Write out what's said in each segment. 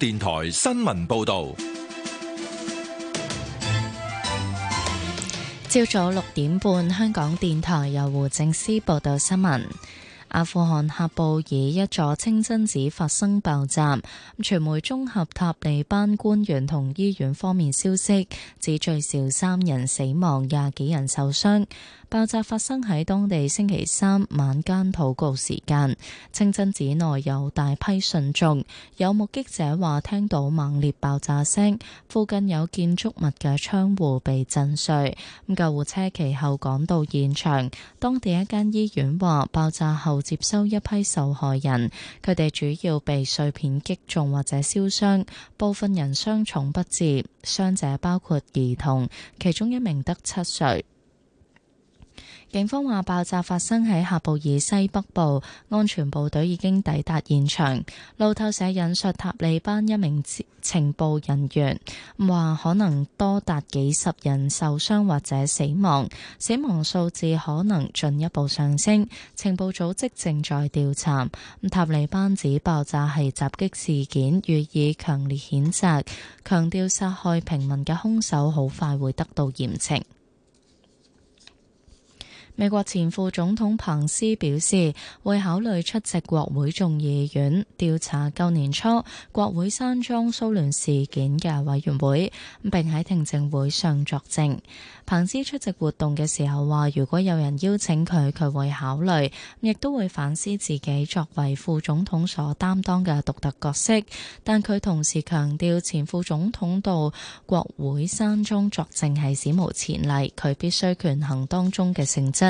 電台新聞報道，朝早六點半，香港電台由胡正思報道新聞。阿富汗喀布爾一座清真寺發生爆炸，傳媒綜合塔利班官員同醫院方面消息，指最少三人死亡，廿幾人受傷。爆炸發生喺當地星期三晚間，禱告時間清真寺內有大批信眾。有目擊者話聽到猛烈爆炸聲，附近有建築物嘅窗戶被震碎。救護車其後趕到現場。當地一間醫院話爆炸後接收一批受害人，佢哋主要被碎片擊中或者燒傷，部分人傷重不治。傷者包括兒童，其中一名得七歲。警方話爆炸發生喺喀布爾西北部，安全部隊已經抵達現場。路透社引述塔利班一名情報人員話，可能多達幾十人受傷或者死亡，死亡數字可能進一步上升。情報組織正在調查。塔利班指爆炸係襲擊事件，予以強烈譴責，強調殺害平民嘅兇手好快會得到嚴懲。美國前副總統彭斯表示，會考慮出席國會眾議院調查舊年初國會山莊騷亂事件嘅委員會，並喺聽證會上作證。彭斯出席活動嘅時候話，如果有人邀請佢，佢會考慮，亦都會反思自己作為副總統所擔當嘅獨特角色。但佢同時強調，前副總統到國會山莊作證係史無前例，佢必須權衡當中嘅性質。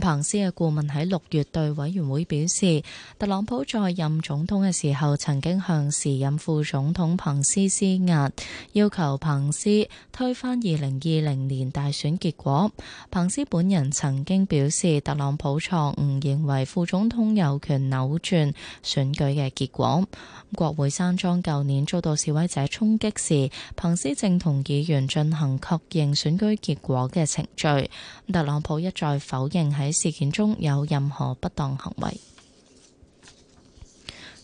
彭斯嘅顧問喺六月對委員會表示，特朗普在任總統嘅時候曾經向時任副總統彭斯施壓，要求彭斯推翻二零二零年大選結果。彭斯本人曾經表示，特朗普錯誤認為副總統有權扭轉選舉嘅結果。國會山莊舊年遭到示威者衝擊時，彭斯正同議員進行確認選舉結果嘅程序。特朗普一再否認喺事件中有任何不當行為。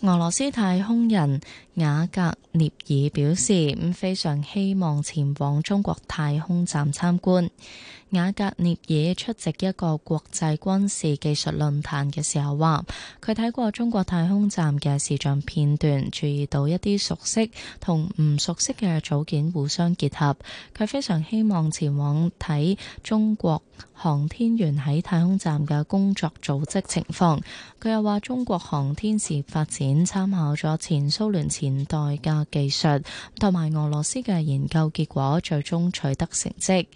俄羅斯太空人雅格涅爾表示，咁非常希望前往中國太空站參觀。雅格涅耶出席一個國際軍事技術論壇嘅時候，話佢睇過中國太空站嘅視像片段，注意到一啲熟悉同唔熟悉嘅組件互相結合。佢非常希望前往睇中國航天員喺太空站嘅工作組織情況。佢又話，中國航天事業發展參考咗前蘇聯前代嘅技術同埋俄羅斯嘅研究結果，最終取得成績。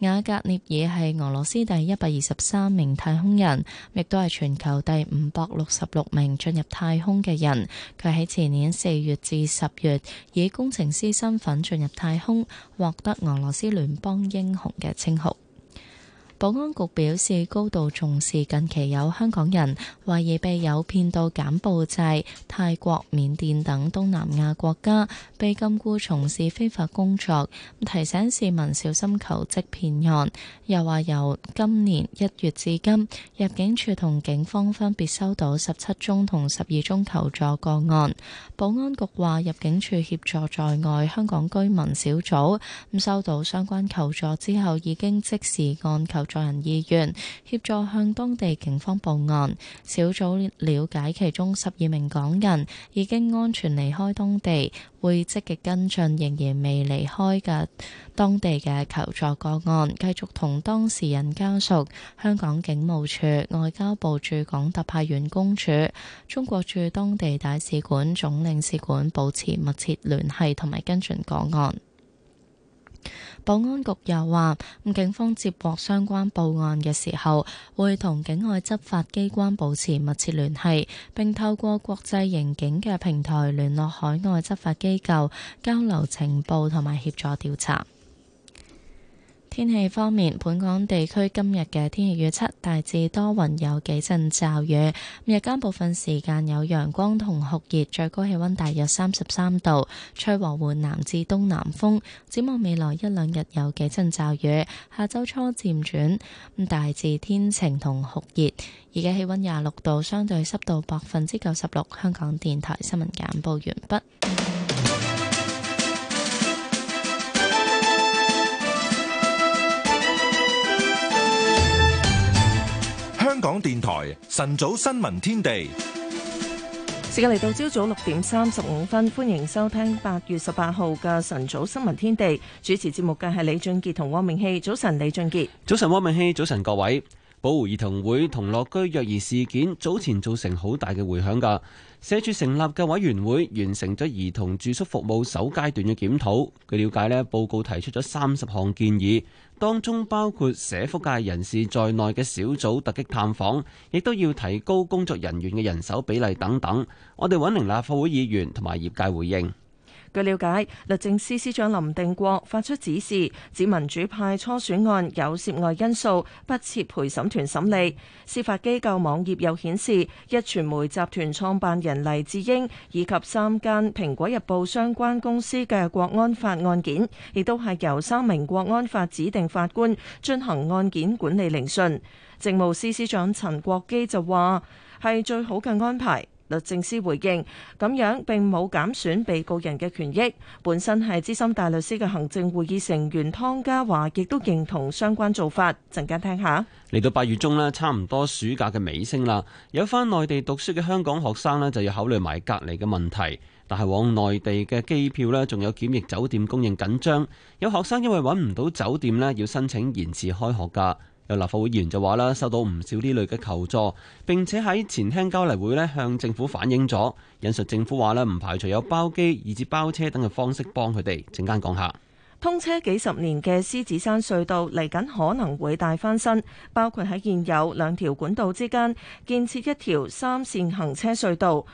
雅格涅爾係俄羅斯第一百二十三名太空人，亦都係全球第五百六十六名進入太空嘅人。佢喺前年四月至十月以工程師身份進入太空，獲得俄羅斯聯邦英雄嘅稱號。保安局表示，高度重視近期有香港人懷疑被誘騙到柬埔寨、泰國、緬甸等東南亞國家，被禁錮從事非法工作，提醒市民小心求職騙案。又話由今年一月至今，入境處同警方分別收到十七宗同十二宗求助個案。保安局話，入境處協助在外香港居民小組，咁收到相關求助之後，已經即時按求，助人意願協助向當地警方報案，小組了解其中十二名港人已經安全離開當地，會積極跟進仍然未離開嘅當地嘅求助個案，繼續同當事人家屬、香港警務處、外交部駐港特派員公署、中國駐當地大使館、總領事館保持密切聯繫同埋跟進個案。保安局又話，警方接獲相關報案嘅時候，會同境外執法機關保持密切聯繫，並透過國際刑警嘅平台聯絡海外執法機構，交流情報同埋協助調查。天氣方面，本港地區今日嘅天氣預測大致多雲，有幾陣驟雨，日間部分時間有陽光同酷熱，最高氣溫大約三十三度，吹和緩南至東南風。展望未來一兩日有幾陣驟雨，下周初漸轉咁大致天晴同酷熱，而家氣溫廿六度，相對濕度百分之九十六。香港電台新聞簡報完畢。香港電台晨早新聞天地，時間嚟到朝早六點三十五分，歡迎收聽八月十八號嘅晨早新聞天地。主持節目嘅係李俊傑同汪明熙。早晨，李俊傑。早晨，汪明熙。早晨，各位。保護兒童會童樂居虐兒事件早前造成好大嘅回響㗎，社署成立嘅委員會完成咗兒童住宿服務首階段嘅檢討。據了解呢，報告提出咗三十項建議，當中包括社福界人士在內嘅小組突擊探訪，亦都要提高工作人員嘅人手比例等等。我哋揾零立法會議員同埋業界回應。據了解，律政司司長林定國發出指示，指民主派初選案有涉外因素，不設陪審團審理。司法機構網頁又顯示，一傳媒集團創辦人黎智英以及三間《蘋果日報》相關公司嘅國安法案件，亦都係由三名國安法指定法官進行案件管理聆訊。政務司司長陳國基就話，係最好嘅安排。律政司回應，咁樣並冇減損被告人嘅權益。本身係資深大律師嘅行政會議成員湯家驊亦都認同相關做法。陣間聽下。嚟到八月中呢，差唔多暑假嘅尾聲啦。有返內地讀書嘅香港學生呢，就要考慮埋隔離嘅問題。但係往內地嘅機票呢，仲有檢疫酒店供應緊張。有學生因為揾唔到酒店呢，要申請延遲開學噶。有立法會議員就話啦，收到唔少呢類嘅求助，並且喺前廳交流會咧向政府反映咗，引述政府話咧唔排除有包機以至包車等嘅方式幫佢哋。陣間講下，通車幾十年嘅獅子山隧道嚟緊可能會大翻新，包括喺現有兩條管道之間建設一條三線行車隧道。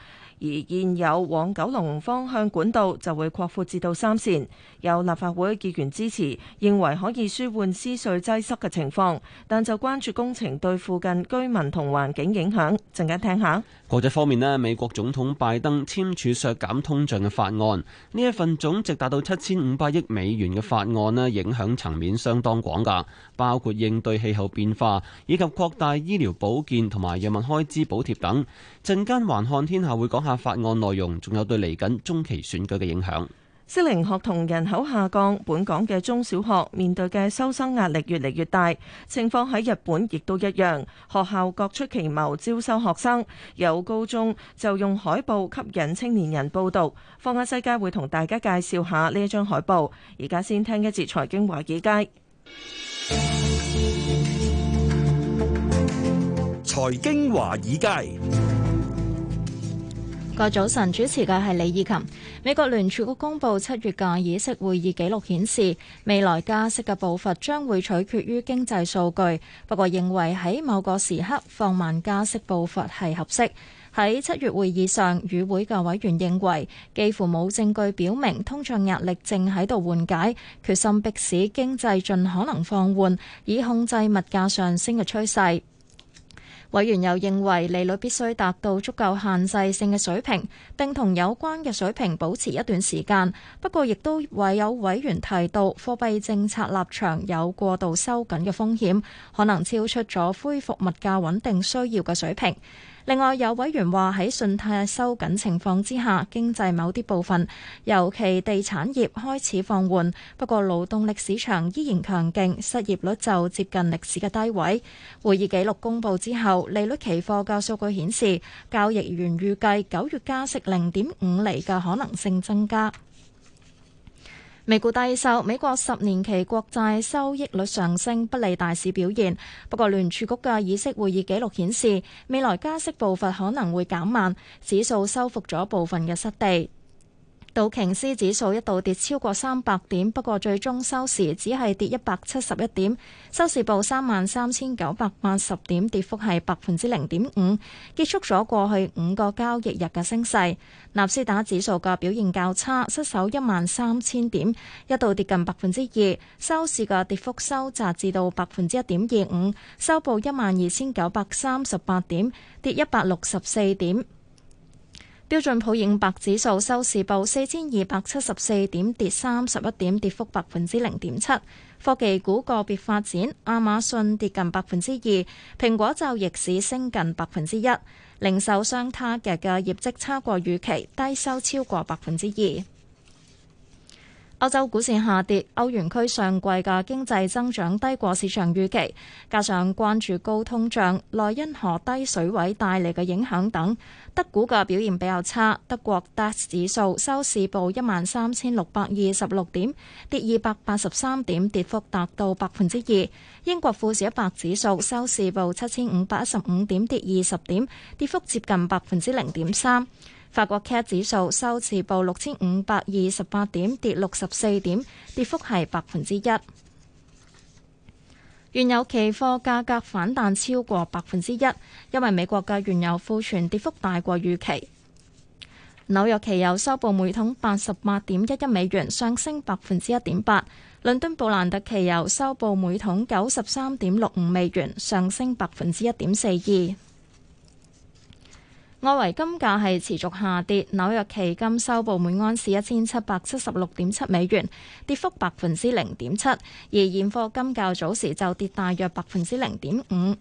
而現有往九龍方向管道就會擴闊至到三線，有立法會議員支持，認為可以舒緩獅隧擠塞嘅情況，但就關注工程對附近居民同環境影響。陣間聽下。國際方面咧，美國總統拜登簽署削減通脹嘅法案，呢一份總值達到七千五百億美元嘅法案咧，影響層面相當廣噶，包括應對氣候變化以及擴大醫療保健同埋人民開支補貼等。陣間還看天下會講下法案內容，仲有對嚟緊中期選舉嘅影響。適齡學童人口下降，本港嘅中小學面對嘅收生壓力越嚟越大，情況喺日本亦都一樣。學校各出奇謀招收學生，有高中就用海報吸引青年人報讀。放眼世界，會同大家介紹下呢一張海報。而家先聽一節財經華爾街。財經華爾街。個早晨主持嘅係李以琴。美國聯儲局公布七月嘅議息會議紀錄顯示，未來加息嘅步伐將會取決於經濟數據，不過認為喺某個時刻放慢加息步伐係合適，喺七月會議上，與會嘅委員認為幾乎冇證據表明通脹壓力正喺度緩解，決心迫使經濟盡可能放緩，以控制物價上升嘅趨勢。委員又認為利率必須達到足夠限制性嘅水平，並同有關嘅水平保持一段時間。不過，亦都有委員提到貨幣政策立場有過度收緊嘅風險，可能超出咗恢復物價穩定需要嘅水平。另外，有委員話喺信貸收緊情況之下，經濟某啲部分，尤其地產業開始放緩。不過，勞動力市場依然強勁，失業率就接近歷史嘅低位。會議記錄公佈之後，利率期貨嘅數據顯示，交易員預計九月加息零點五厘嘅可能性增加。美股低收，美國十年期國債收益率上升，不利大市表現。不過聯儲局嘅議息會議記錄顯示，未來加息步伐可能會減慢，指數收復咗部分嘅失地。道瓊斯指數一度跌超過三百點，不過最終收市只係跌一百七十一點，收市報三萬三千九百八十點，跌幅係百分之零點五，結束咗過去五個交易日嘅升勢。納斯達指數嘅表現較差，失守一萬三千點，一度跌近百分之二，收市嘅跌幅收窄至到百分之一點二五，收報一萬二千九百三十八點，跌一百六十四點。標準普爾五百指數收市報四千二百七十四點跌，跌三十一點，跌幅百分之零點七。科技股個別發展，亞馬遜跌近百分之二，蘋果就逆市升近百分之一。零售商 Target 嘅業績差過預期，低收超過百分之二。歐洲股市下跌，歐元區上季嘅經濟增長低過市場預期，加上關注高通脹、萊茵河低水位帶嚟嘅影響等。德股嘅表現比較差，德國 DAX 指數收市報一萬三千六百二十六點，跌二百八十三點，跌幅達到百分之二。英國富時一百指數收市報七千五百一十五點，跌二十點，跌幅接近百分之零點三。法國 CAC 指數收市報六千五百二十八點，跌六十四點，跌幅係百分之一。原油期貨價格反彈超過百分之一，因為美國嘅原油庫存跌幅大過預期。紐約期油收報每桶八十八點一一美元，上升百分之一點八；倫敦布蘭特期油收報每桶九十三點六五美元，上升百分之一點四二。外圍金價係持續下跌，紐約期金收報每安士一千七百七十六點七美元，跌幅百分之零點七。而現貨金較早時就跌大約百分之零點五。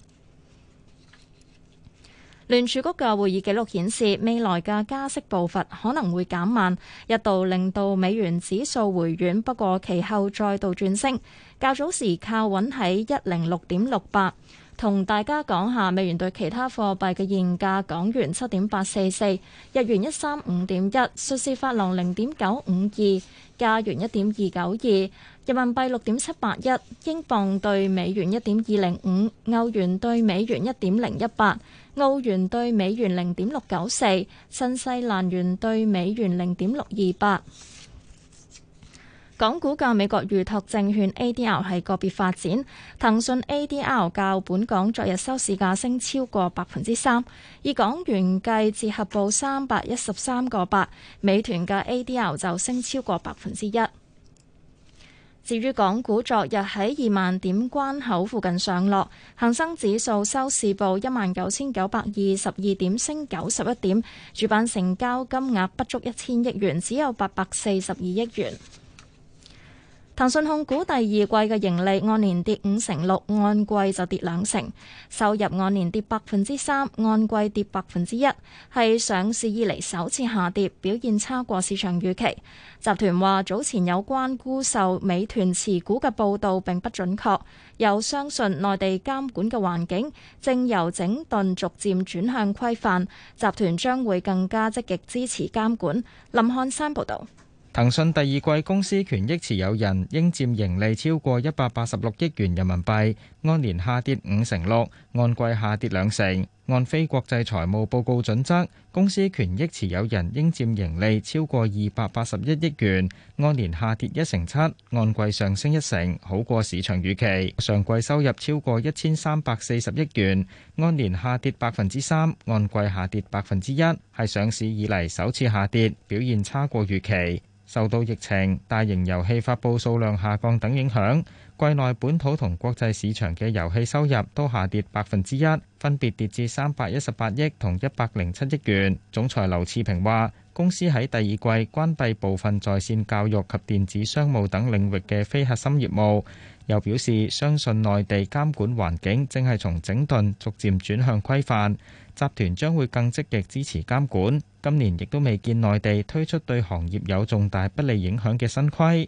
聯儲局嘅會議記錄顯示，未來嘅加息步伐可能會減慢，一度令到美元指數回軟，不過其後再度轉升。較早時靠穩喺一零六點六八。同大家講下美元對其他貨幣嘅現價：港元七點八四四，日元一三五點一，瑞士法郎零點九五二，加元一點二九二，人民幣六點七八一，英鎊對美元一點二零五，歐元對美元一點零一八，澳元對美元零點六九四，新西蘭元對美元零點六二八。港股嘅美國預託證券 ADR 係個別發展，騰訊 ADR 較本港昨日收市價升超過百分之三，以港元計折合報三百一十三個八。美團嘅 ADR 就升超過百分之一。至於港股昨日喺二萬點關口附近上落，恒生指數收市報一萬九千九百二十二點，升九十一點，主板成交金額不足一千億元，只有八百四十二億元。騰訊控股第二季嘅盈利按年跌五成六，按季就跌兩成；收入按年跌百分之三，按季跌百分之一，係上市以嚟首次下跌，表現差過市場預期。集團話早前有關沽售美團持股嘅報道並不準確，又相信內地監管嘅環境正由整頓逐漸轉向規範，集團將會更加積極支持監管。林漢山報道。騰訊第二季公司權益持有人應佔盈利超過一百八十六億元人民幣。按年下跌五成六，按季下跌兩成。按非國際財務報告準則，公司權益持有人應佔盈利超過二百八十一億元，按年下跌一成七，按季上升一成，好過市場預期。上季收入超過一千三百四十億元，按年下跌百分之三，按季下跌百分之一，係上市以嚟首次下跌，表現差過預期。受到疫情、大型遊戲發布數量下降等影響。季內本土同國際市場嘅遊戲收入都下跌百分之一，分別跌至三百一十八億同一百零七億元。總裁劉熾平話：公司喺第二季關閉部分在線教育及電子商務等領域嘅非核心業務，又表示相信內地監管環境正係從整頓逐漸轉向規範，集團將會更積極支持監管。今年亦都未見內地推出對行業有重大不利影響嘅新規。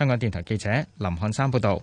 香港電台記者林漢山報道。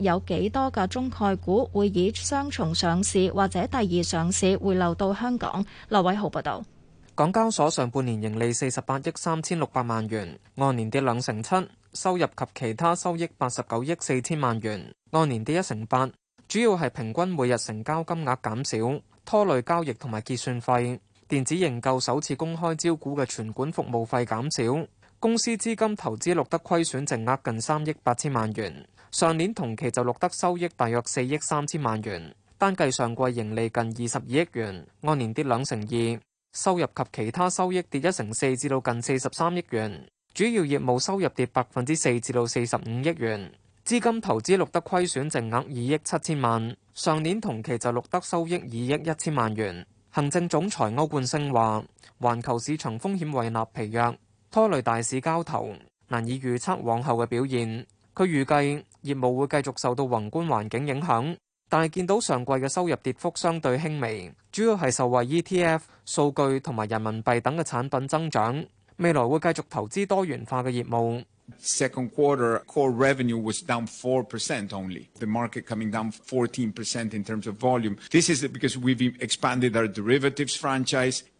有幾多個中概股會以雙重上市或者第二上市回流到香港？劉偉豪報道，港交所上半年盈利四十八億三千六百萬元，按年跌兩成七，收入及其他收益八十九億四千萬元，按年跌一成八。主要係平均每日成交金額減少，拖累交易同埋結算費。電子認購首次公開招股嘅存款服務費減少，公司資金投資錄得虧損，淨額近三億八千萬元。上年同期就錄得收益大約四億三千萬元，單計上季盈利近二十二億元，按年跌兩成二，收入及其他收益跌一成四，至到近四十三億元，主要業務收入跌百分之四，至到四十五億元，資金投資錄得虧損淨額二億七千萬，上年同期就錄得收益二億一千萬元。行政總裁歐冠昇話環球市場風險胃納疲弱，拖累大市交投，難以預測往後嘅表現。佢預計業務會繼續受到宏觀環境影響，但係見到上季嘅收入跌幅相對輕微，主要係受惠 ETF 數據同埋人民幣等嘅產品增長，未來會繼續投資多元化嘅業務。Second quarter, core revenue was down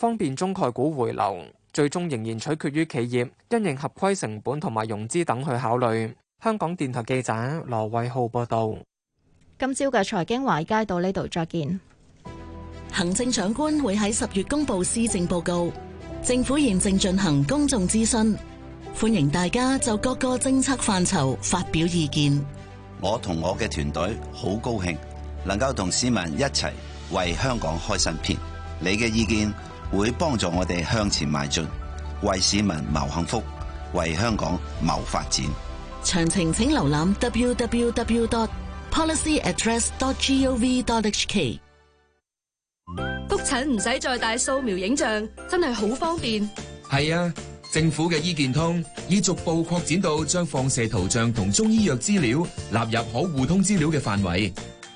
方便中概股回流，最終仍然取決於企業因應合規成本同埋融資等去考慮。香港電台記者羅偉浩報道。今朝嘅財經華街到呢度再見。行政長官會喺十月公布施政報告，政府現正進行公眾諮詢，歡迎大家就各個政策範疇發表意見。我同我嘅團隊好高興，能夠同市民一齊為香港開新篇。你嘅意見。會幫助我哋向前邁進，為市民謀幸福，為香港謀發展。詳情請瀏覽 www.policyaddress.gov.hk。複診唔使再帶掃描影像，真係好方便。係啊，政府嘅醫健通已逐步擴展到將放射圖像同中醫藥資料納入可互通資料嘅範圍。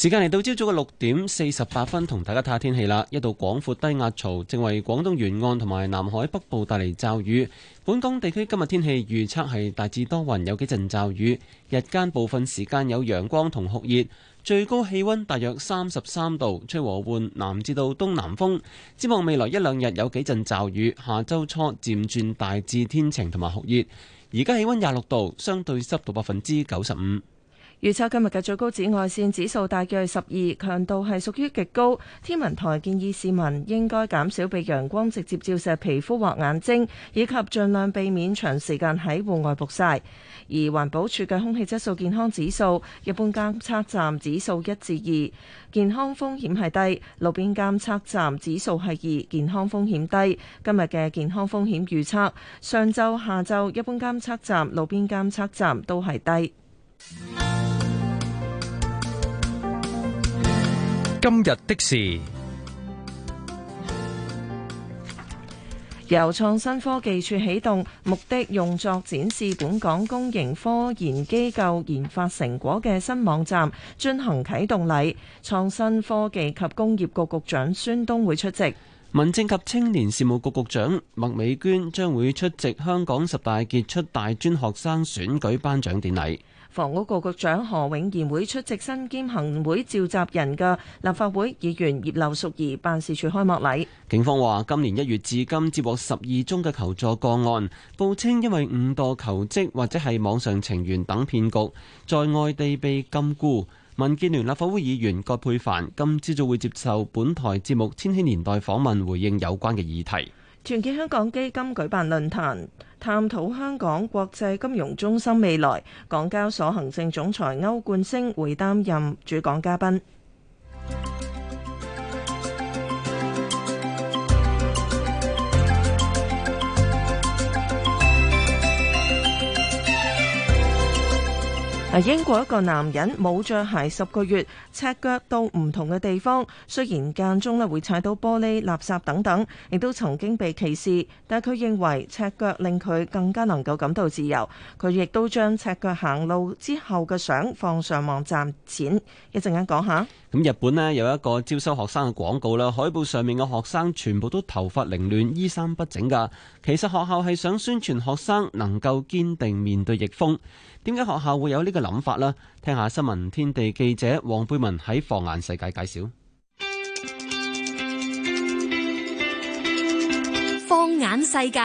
時間嚟到朝早嘅六點四十八分，同大家睇下天氣啦。一道廣闊低壓槽正為廣東沿岸同埋南海北部帶嚟驟雨。本港地區今日天氣預測係大致多雲，有幾陣驟雨，日間部分時間有陽光同酷熱，最高氣温大約三十三度，吹和緩南至到東南風。展望未來一兩日有幾陣驟雨，下周初漸轉大致天晴同埋酷熱。而家氣温廿六度，相對濕度百分之九十五。預測今日嘅最高紫外線指數大約十二，強度係屬於極高。天文台建議市民應該減少被陽光直接照射皮膚或眼睛，以及盡量避免長時間喺戶外曝曬。而環保署嘅空氣質素健康指數，一般監測站指數一至二，健康風險係低；路邊監測站指數係二，健康風險低。今日嘅健康風險預測，上晝、下晝一般監測站、路邊監測站都係低。今日的事由創新科技處啟動，目的用作展示本港公營科研機構研發成果嘅新網站。進行啟動禮，創新科技及工業局局長孫東會出席。民政及青年事務局局長麥美娟將會出席香港十大傑出大專學生選舉頒獎典禮。房屋局局長何永賢會出席新兼行會召集人嘅立法會議員葉劉淑儀辦事處開幕禮。警方話今年一月至今接獲十二宗嘅求助個案，報稱因為誤墮求職或者係網上情緣等騙局，在外地被禁錮。民建聯立法會議員葛珮帆今朝早會接受本台節目《千禧年代》訪問，回應有關嘅議題。團結香港基金舉辦論壇，探討香港國際金融中心未來。港交所行政總裁歐冠昇會擔任主講嘉賓。英國一個男人冇着鞋十個月，赤腳到唔同嘅地方，雖然間中咧會踩到玻璃、垃圾等等，亦都曾經被歧視，但佢認為赤腳令佢更加能夠感到自由。佢亦都將赤腳行路之後嘅相放上網站展。講一陣間講下。咁日本咧有一個招收學生嘅廣告啦，海報上面嘅學生全部都頭髮凌亂、衣衫不整嘅。其實學校係想宣傳學生能夠堅定面對逆風。點解學校會有呢個諗法呢？聽下新聞天地記者黃貝文喺《放眼世界》介紹《放眼世界》。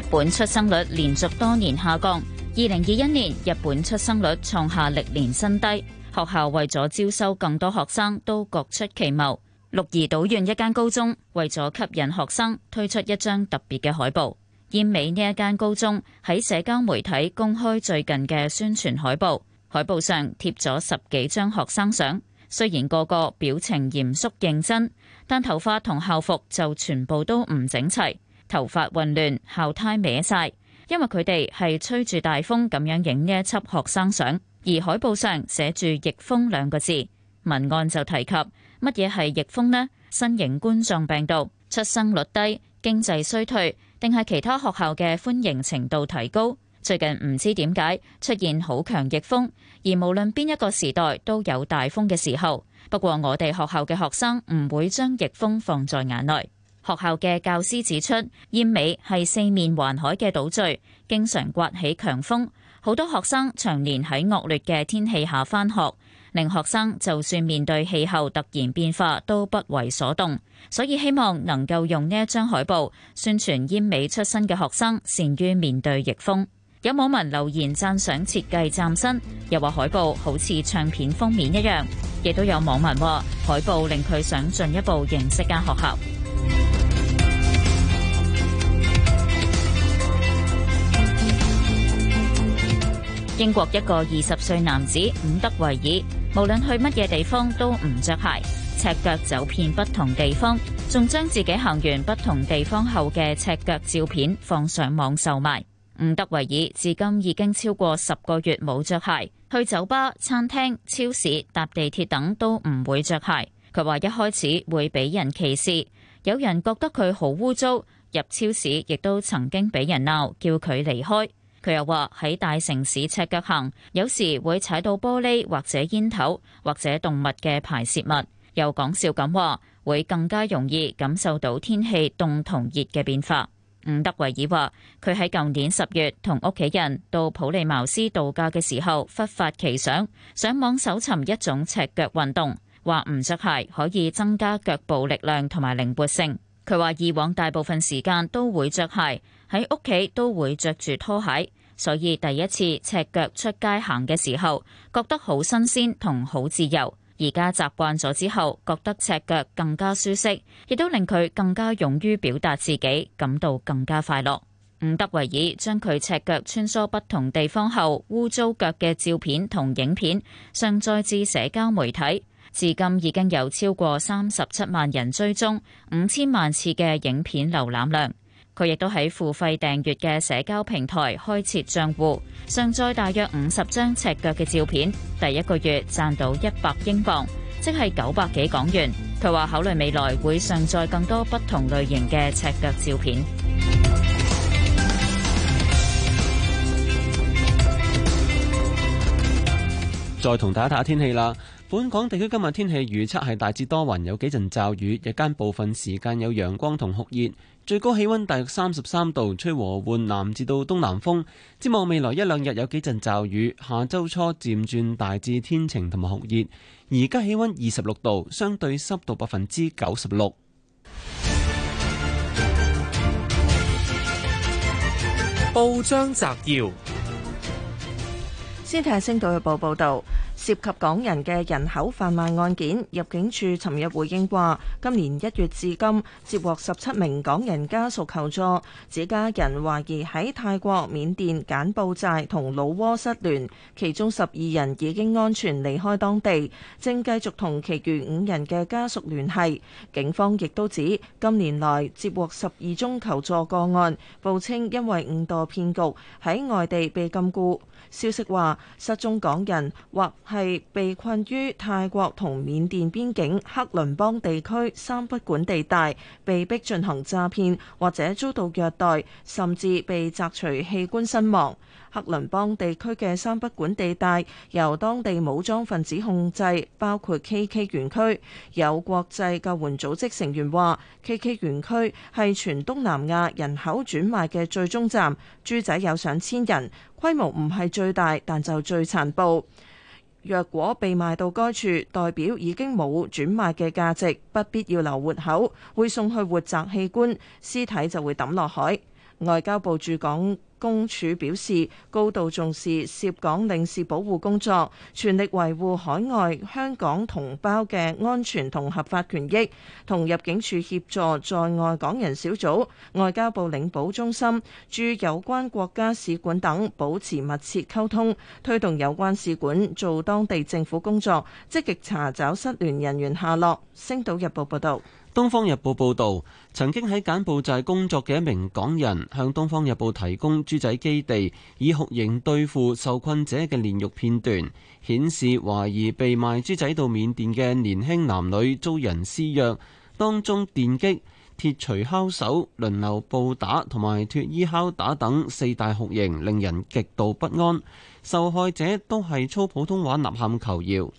日本出生率連續多年下降，二零二一年日本出生率創下歷年新低。學校為咗招收更多學生，都各出奇謀。鹿兒島縣一間高中為咗吸引學生，推出一張特別嘅海報。燕尾呢一間高中喺社交媒體公開最近嘅宣傳海報，海報上貼咗十幾張學生相。雖然個個表情嚴肅認真，但頭髮同校服就全部都唔整齊，頭髮混亂，校呔歪晒。因為佢哋係吹住大風咁樣影呢一輯學生相，而海報上寫住逆風兩個字，文案就提及。乜嘢係逆風呢？新型冠狀病毒、出生率低、經濟衰退，定係其他學校嘅歡迎程度提高？最近唔知點解出現好強逆風，而無論邊一個時代都有大風嘅時候。不過我哋學校嘅學生唔會將逆風放在眼內。學校嘅教師指出，奄美係四面環海嘅島嶼，經常刮起強風，好多學生長年喺惡劣嘅天氣下返學。令學生就算面對氣候突然變化都不為所動，所以希望能夠用呢一張海報宣傳英美出身嘅學生善於面對逆風。有網民留言贊賞設計嶄新，又話海報好似唱片封面一樣。亦都有網民話海報令佢想進一步認識間學校。英國一個二十歲男子伍德維爾。無論去乜嘢地方都唔着鞋，赤腳走遍不同地方，仲將自己行完不同地方後嘅赤腳照片放上網售賣。伍德維爾至今已經超過十個月冇着鞋，去酒吧、餐廳、超市、搭地鐵等都唔會着鞋。佢話一開始會俾人歧視，有人覺得佢好污糟，入超市亦都曾經俾人鬧，叫佢離開。佢又話：喺大城市赤腳行，有時會踩到玻璃，或者煙頭，或者動物嘅排泄物。又講笑咁話，會更加容易感受到天氣凍同熱嘅變化。伍德維爾話：佢喺舊年十月同屋企人到普利茅斯度假嘅時候，忽發奇想，上網搜尋一種赤腳運動，話唔着鞋可以增加腳部力量同埋靈活性。佢話以往大部分時間都會着鞋，喺屋企都會着住拖鞋。所以第一次赤腳出街行嘅時候，覺得好新鮮同好自由。而家習慣咗之後覺得赤腳更加舒適，亦都令佢更加勇於表達自己，感到更加快樂。伍德維爾將佢赤腳穿梭不同地方後污糟腳嘅照片同影片上載至社交媒體，至今已經有超過三十七萬人追蹤五千萬次嘅影片瀏覽量。佢亦都喺付費訂閱嘅社交平台開設賬戶，上載大約五十張赤腳嘅照片，第一個月賺到一百英鎊，即係九百幾港元。佢話考慮未來會上載更多不同類型嘅赤腳照片。再同大家睇下天氣啦，本港地區今日天，天氣預測係大致多雲，有幾陣驟雨，日間部分時間有陽光同酷熱。最高氣溫大約三十三度，吹和緩南至到東南風。展望未來一兩日有幾陣驟雨，下周初漸轉大致天晴同埋酷熱。而家氣溫二十六度，相對濕度百分之九十六。報章摘要。先睇《星島日報》報導，涉及港人嘅人口販賣案件，入境處尋日回應話：今年一月至今接獲十七名港人家屬求助，指家人懷疑喺泰國、緬甸、柬埔寨同老撾失聯，其中十二人已經安全離開當地，正繼續同其餘五人嘅家屬聯繫。警方亦都指，今年內接獲十二宗求助個案，報稱因為誤墮騙局喺外地被禁錮。消息話，失蹤港人或係被困於泰國同緬甸邊境克倫邦地區三不管地帶，被迫進行詐騙，或者遭到虐待，甚至被摘除器官身亡。克倫邦地區嘅三不管地帶由當地武裝分子控制，包括 KK 園區。有國際救援組織成員話，KK 園區係全東南亞人口轉賣嘅最終站，豬仔有上千人，規模唔係最大，但就最殘暴。若果被賣到該處，代表已經冇轉賣嘅價值，不必要留活口，會送去活摘器官，屍體就會抌落海。外交部駐港公署表示，高度重視涉港領事保護工作，全力維護海外香港同胞嘅安全同合法權益，同入境處協助在外港人小組、外交部領保中心、駐有關國家使館等保持密切溝通，推動有關使館做當地政府工作，積極查找失聯人員下落。星島日報報道，《東方日報》報道，曾經喺柬埔寨工作嘅一名港人向《東方日報》提供豬仔基地以酷刑對付受困者嘅煉獄片段，顯示懷疑被賣豬仔到緬甸嘅年輕男女遭人施虐，當中電擊、鐵錘敲手、輪流暴打同埋脫衣敲打等四大酷刑，令人極度不安。受害者都係操普通話吶喊求饒。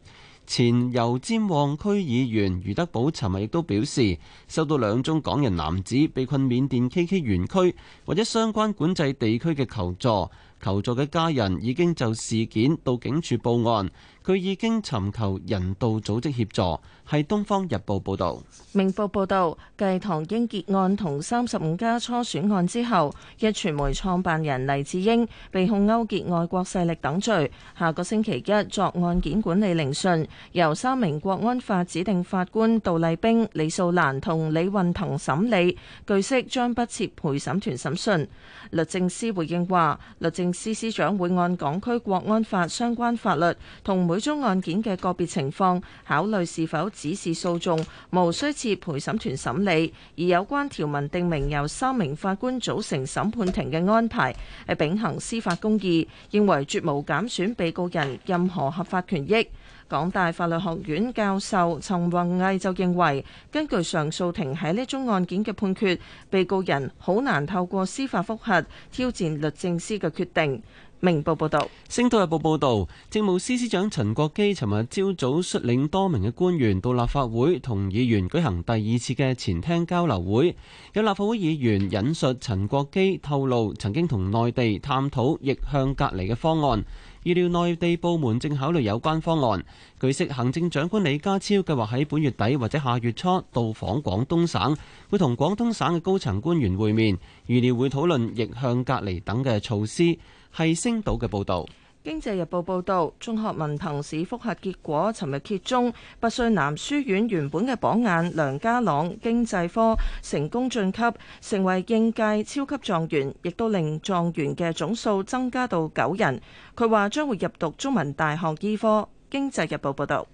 前油尖旺區議員余德寶尋日亦都表示，收到兩宗港人男子被困緬甸 KK 園區或者相關管制地區嘅求助，求助嘅家人已經就事件到警署報案。佢已經尋求人道組織協助，係《東方日報》報導。《明報》報導，繼唐英傑案同三十五家初選案之後，一傳媒創辦人黎智英被控勾結外國勢力等罪，下個星期一作案件管理聆訊，由三名國安法指定法官杜麗冰、李素蘭同李運騰審理。據悉將不設陪審團審訊。律政司回應話：律政司司長會按港區國安法相關法律同。每宗案件嘅個別情況，考慮是否指示訴訟，無需設陪審團審理，而有關條文定明由三名法官組成審判庭嘅安排，係秉承司法公義，認為絕無減損被告人任何合法權益。港大法律學院教授陳宏毅就認為，根據上訴庭喺呢宗案件嘅判決，被告人好難透過司法覆核挑戰律政司嘅決定。明報報道，《星島日報》報道，政務司司長陳國基尋日朝早率領多名嘅官員到立法會同議員舉行第二次嘅前廳交流會。有立法會議員引述陳國基透露，曾經同內地探討逆向隔離嘅方案，預料內地部門正考慮有關方案。據悉，行政長官李家超計劃喺本月底或者下月初到訪廣東省，會同廣東省嘅高層官員會面，預料會討論逆向隔離等嘅措施。係星島嘅報道，《經濟日報》報道，中學文憑試覆核結果，尋日揭盅，拔萃男書院原本嘅榜眼梁家朗，經濟科成功晉級，成為應屆超級狀元，亦都令狀元嘅總數增加到九人。佢話將會入讀中文大學醫科。《經濟日報》報道。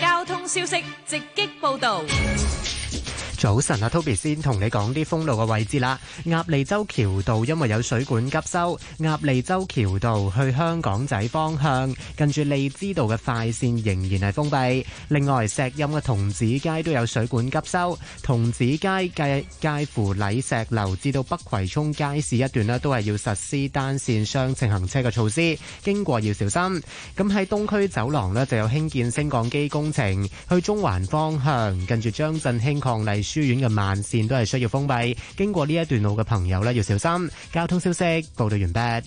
交通消息直擊報道。早晨啊，Toby 先同你講啲封路嘅位置啦。鴨脷洲橋道因為有水管急修，鴨脷洲橋道去香港仔方向，近住利枝道嘅快綫仍然係封閉。另外，石蔭嘅童子街都有水管急修，童子街介介乎禮石樓至到北葵涌街市一段咧，都係要實施單綫雙程行車嘅措施，經過要小心。咁喺東區走廊咧就有興建升降機工程，去中環方向，近住張振興伉儷。書院嘅慢線都係需要封閉，經過呢一段路嘅朋友咧要小心。交通消息報道完畢。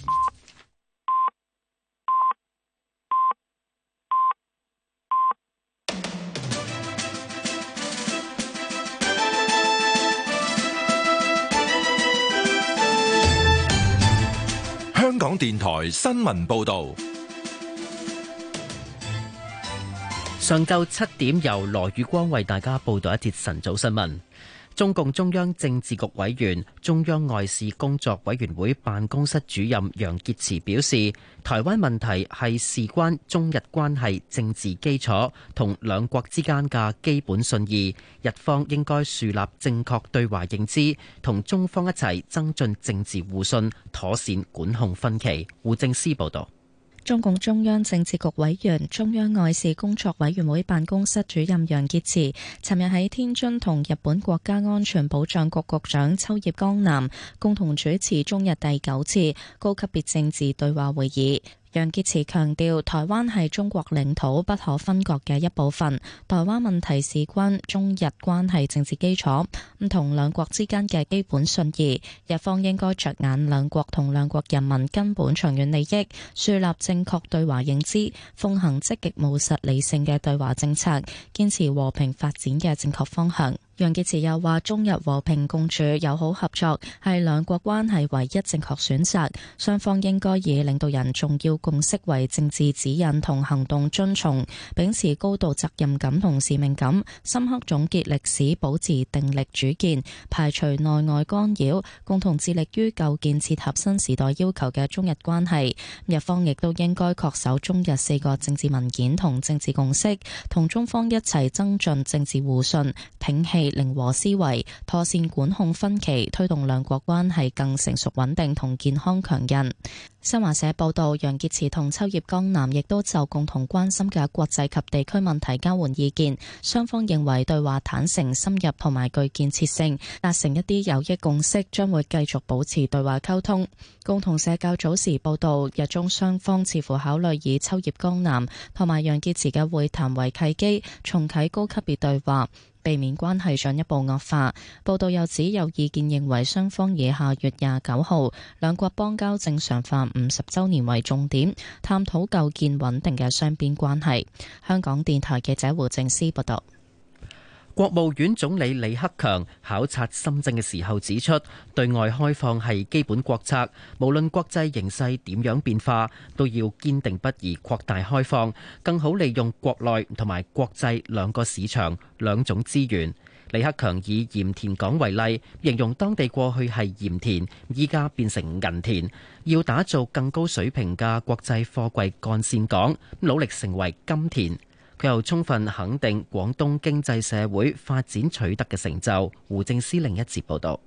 香港電台新聞報道。上晝七點，由羅宇光為大家報道一節晨早新聞。中共中央政治局委員、中央外事工作委員會辦公室主任楊潔篪表示，台灣問題係事關中日關係政治基礎同兩國之間嘅基本信義，日方應該樹立正確對華認知，同中方一齊增進政治互信，妥善管控分歧。胡正思報道。中共中央政治局委員、中央外事工作委員會辦公室主任楊潔篪，尋日喺天津同日本國家安全保障局局長秋葉剛男共同主持中日第九次高級別政治對話會議。楊潔篪強調，台灣係中國領土不可分割嘅一部分。台灣問題事關中日關係政治基礎，唔同兩國之間嘅基本信義。日方應該着眼兩國同兩國人民根本長遠利益，樹立正確對華認知，奉行積極務實理性嘅對華政策，堅持和平發展嘅正確方向。楊潔篪又話：中日和平共處、友好合作係兩國關係唯一正確選擇，雙方應該以領導人重要共識為政治指引同行動遵從，秉持高度責任感同使命感，深刻總結歷史，保持定力主見，排除內外干擾，共同致力於構建適合新時代要求嘅中日關係。日方亦都應該確守中日四個政治文件同政治共識，同中方一齊增進政治互信，摒棄。靈活思維，妥善管控分歧，推動兩國關係更成熟穩定同健康強韌。新華社報道，楊潔篪同秋葉江南亦都就共同關心嘅國際及地區問題交換意見，雙方認為對話坦誠深入同埋具建設性，達成一啲有益共識，將會繼續保持對話溝通。共同社較早時報道，日中雙方似乎考慮以秋葉江南同埋楊潔篪嘅會談為契機重啟高級別對話，避免關係進一步惡化。報道又指有意見認為，雙方以下月廿九號兩國邦交正常化。五十周年為重點，探討構建穩定嘅雙邊關係。香港電台記者胡靜思報道。國務院總理李克強考察深圳嘅時候指出，對外開放係基本國策，無論國際形勢點樣變化，都要堅定不移擴大開放，更好利用國內同埋國際兩個市場、兩種資源。李克強以鹽田港為例，形容當地過去係鹽田，依家變成銀田，要打造更高水平嘅國際貨櫃幹線港，努力成為金田。佢又充分肯定廣東經濟社會發展取得嘅成就。胡政司另一節報道。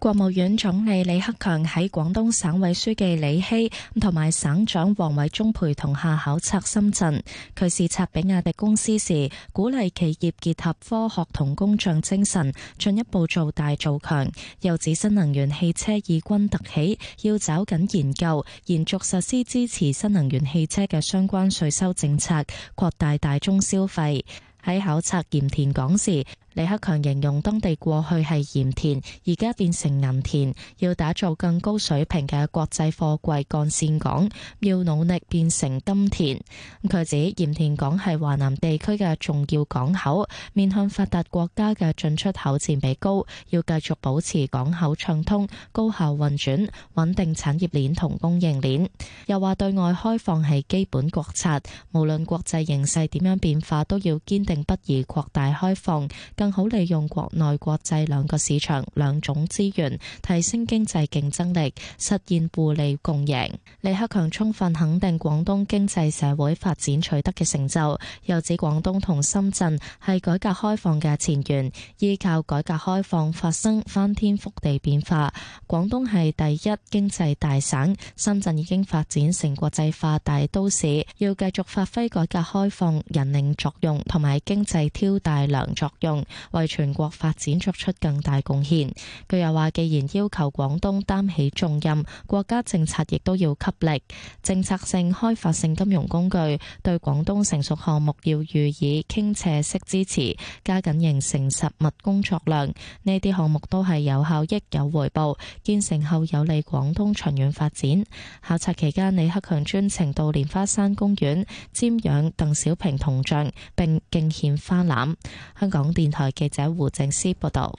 國務院總理李克強喺廣東省委書記李希、同埋省長王偉中陪同下考察深圳。佢視察比亞迪公司時，鼓勵企業結合科學同工匠精神，進一步做大做強。又指新能源汽車異軍突起，要抓緊研究，延續實施支持新能源汽車嘅相關稅收政策，擴大大宗消費。喺考察鹽田港時，李克強形容當地過去係鹽田，而家變成銀田，要打造更高水平嘅國際貨櫃幹線港，要努力變成金田。佢指鹽田港係華南地區嘅重要港口，面向發達國家嘅進出口占比高，要繼續保持港口暢通、高效運轉、穩定產業鏈同供應鏈。又話對外開放係基本國策，無論國際形勢點樣變化，都要堅定不移擴大開放。好利用國內、國際兩個市場、兩種資源，提升經濟競爭力，實現互利共贏。李克強充分肯定廣東經濟社會發展取得嘅成就，又指廣東同深圳係改革開放嘅前沿，依靠改革開放發生翻天覆地變化。廣東係第一經濟大省，深圳已經發展成國際化大都市，要繼續發揮改革開放引領作用同埋經濟挑大梁作用。為全國發展作出更大貢獻。佢又話：既然要求廣東擔起重任，國家政策亦都要給力。政策性、開發性金融工具對廣東成熟項目要予以傾斜式支持，加緊形成實物工作量。呢啲項目都係有效益、有回報，建成後有利廣東長遠發展。考察期間，李克強專程到蓮花山公園瞻仰鄧、鄧小平銅像，並敬獻花籃。香港電。台記者胡正思報道：